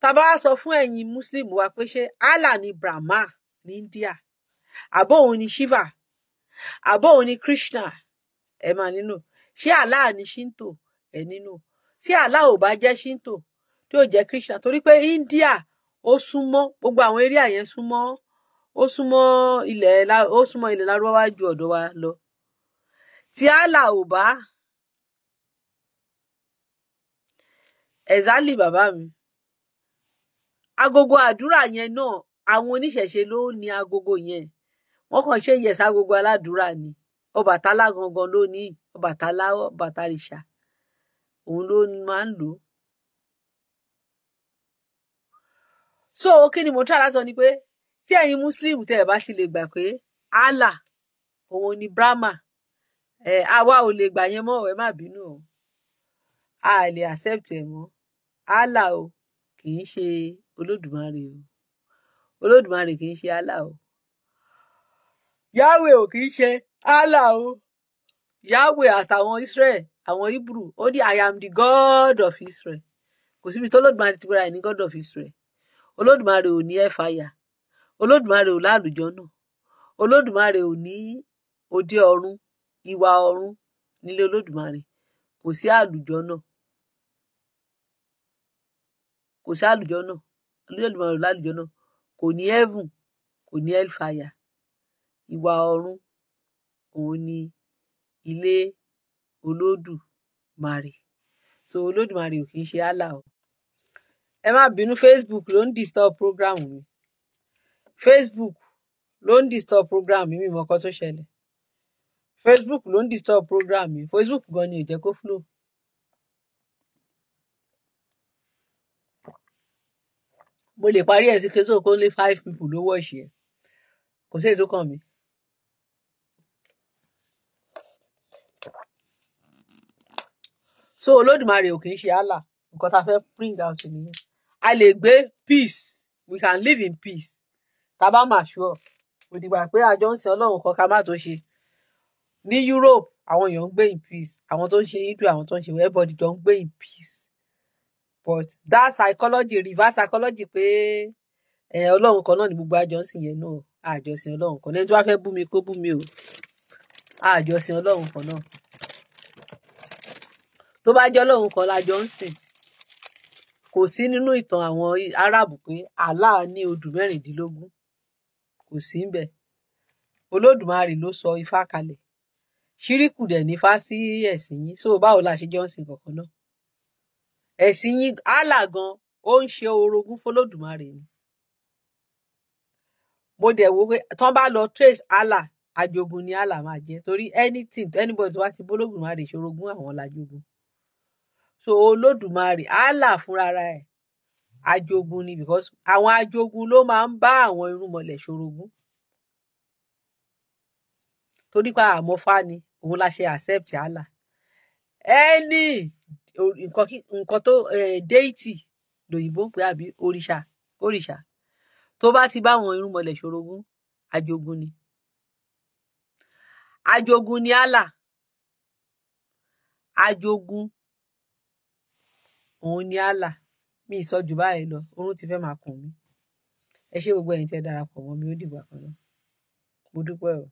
tàbá sọ fún ẹ̀yin Muslim wa pé ṣé Allah ni Brahma ní India àbóhun ni Shiva àbọ̀ òun ni krishna ẹ máa nínú ṣé allah ni shinto ẹ nínú tí allah ò bá jẹ́ shinto tí ò jẹ́ krishna torí pé india ó súnmọ́ gbogbo àwọn eré àyẹn súnmọ́ ó súnmọ́ ilẹ̀ ó súnmọ́ ilẹ̀ lárúbáwá ju ọ̀dọ̀ wa lọ tí allah ò bá ẹ̀zálì bàbá mi agogo àdúrà yẹn náà àwọn oníṣẹ̀ṣe ló ní agogo yẹn wọ́n kàn ṣe yẹ̀sà gbogbo aládùúrà ni Ọbàtálá gangan ló ní Ọbàtálá Ọbàtárìṣà òun ló máa ń lò so kí ni mo try láti sọ ni pé tí ẹ̀yin muslim tẹ́ ẹ bá ti lè gbà pé Allah òun ni brahma ẹ àwa ò lè gbà yẹn mọ́ ẹ má bínú o a lè accept ẹ mọ́ Allah o kì í ṣe Olódùmarè o Olódùmarè kì í ṣe Allah o. Yahweh ò kì ṣe Allah o. Yahweh àtàwọn Israel àwọn Hebrew ó ní I am the God of Israel. Kò síbi tó Olódùmarè ti gbéra ẹ̀ ní God of Israel. Olódùmarè ò ní ẹ̀fàyà. Olódùmarè ò lálùjọ náà. Olódùmarè ò ní òde ọ̀run ìwà ọ̀run nílé Olódùmarè. Kò sí àlùjọ náà. Kò sí àlùjọ náà. Olódùmarè ò lálùjọ náà. Kò ní heaven. Kò ní hellfire ìwà ọ̀run òun ni ilé olódùmarè so olódùmarè ò kì í ṣe ala o ẹ má bínú facebook ló ń disturb program mi facebook ló ń disturb program mi mi mọ ọkọ tó ṣẹlẹ̀ facebook ló ń disturb program mi facebook gan ni ò jẹ́ kó flow. mo lè parí ẹ̀ sí kí n tó kó lé five people ló wọ̀ ṣe kò sí èyí tó kàn mí so olódùmarè ò kì í ṣe allah nǹkan tá a fẹ́ bring out nìyẹn a lè gbé peace we can live in peace tá a bá mà sure òdìgbà pé àjọ ń sin ọlọ́run kan ká má tó ṣe ní Europe àwọn èèyàn ń gbé in peace àwọn tó ń ṣe hindu àwọn tó ń ṣe everybody jọ ń gbé in peace but that psychology reverse psychology pé ẹ eh, ọlọ́run kan náà ni gbogbo àjọ ń sìn yẹn náà àjọsìn ọlọ́run kan náà ẹni tó bá fẹ́ bú mi kó bú mi o àjọsìn ọlọ́run kan náà tó bá jọ lóun kọ́ la jọ ń sìn kò sí nínú ìtàn àwọn Arab pé Allah ní odù mẹ́rìndínlógún kò sí ń bẹ Olódùmarè ló sọ Ifá kalẹ̀ ṣíríkù dẹ̀ ní sí ẹ̀sìn yín so báwo la ṣe jọ ń sìn kankan náà ẹ̀sìn yín Allah gan ó ń ṣe orogún f'Olódùmarè ni mo dẹ̀ wo pé tán bá lọ trace Allah àjogún ni Allah máa jẹ torí anything anybody tó bá ti bólógùn máa rè ṣorogún àwọn làjogún so olódùmarè allah fúnra ẹ̀ ajogun ni because àwọn ajogun ló máa ń bá àwọn irúnmọlẹ̀ ṣorogún torí pa àmọfá ni òun la ṣe accept allah ẹni nǹkan tó déètì lòyìnbó ń pè àbí òrìṣà òrìṣà tó bá ti bá àwọn irúnmọlẹ̀ ṣorogún ajogun ni ajogun ni allah ajogun òun ni Allah mi ì sọ jù báyìí lọ oorun ti fẹ́ máa kùn mí ẹ ṣé gbogbo ẹ̀yin tẹ́ darapọ̀ mọ́ mi ó dìgbà kan náà mo dúpẹ́ o.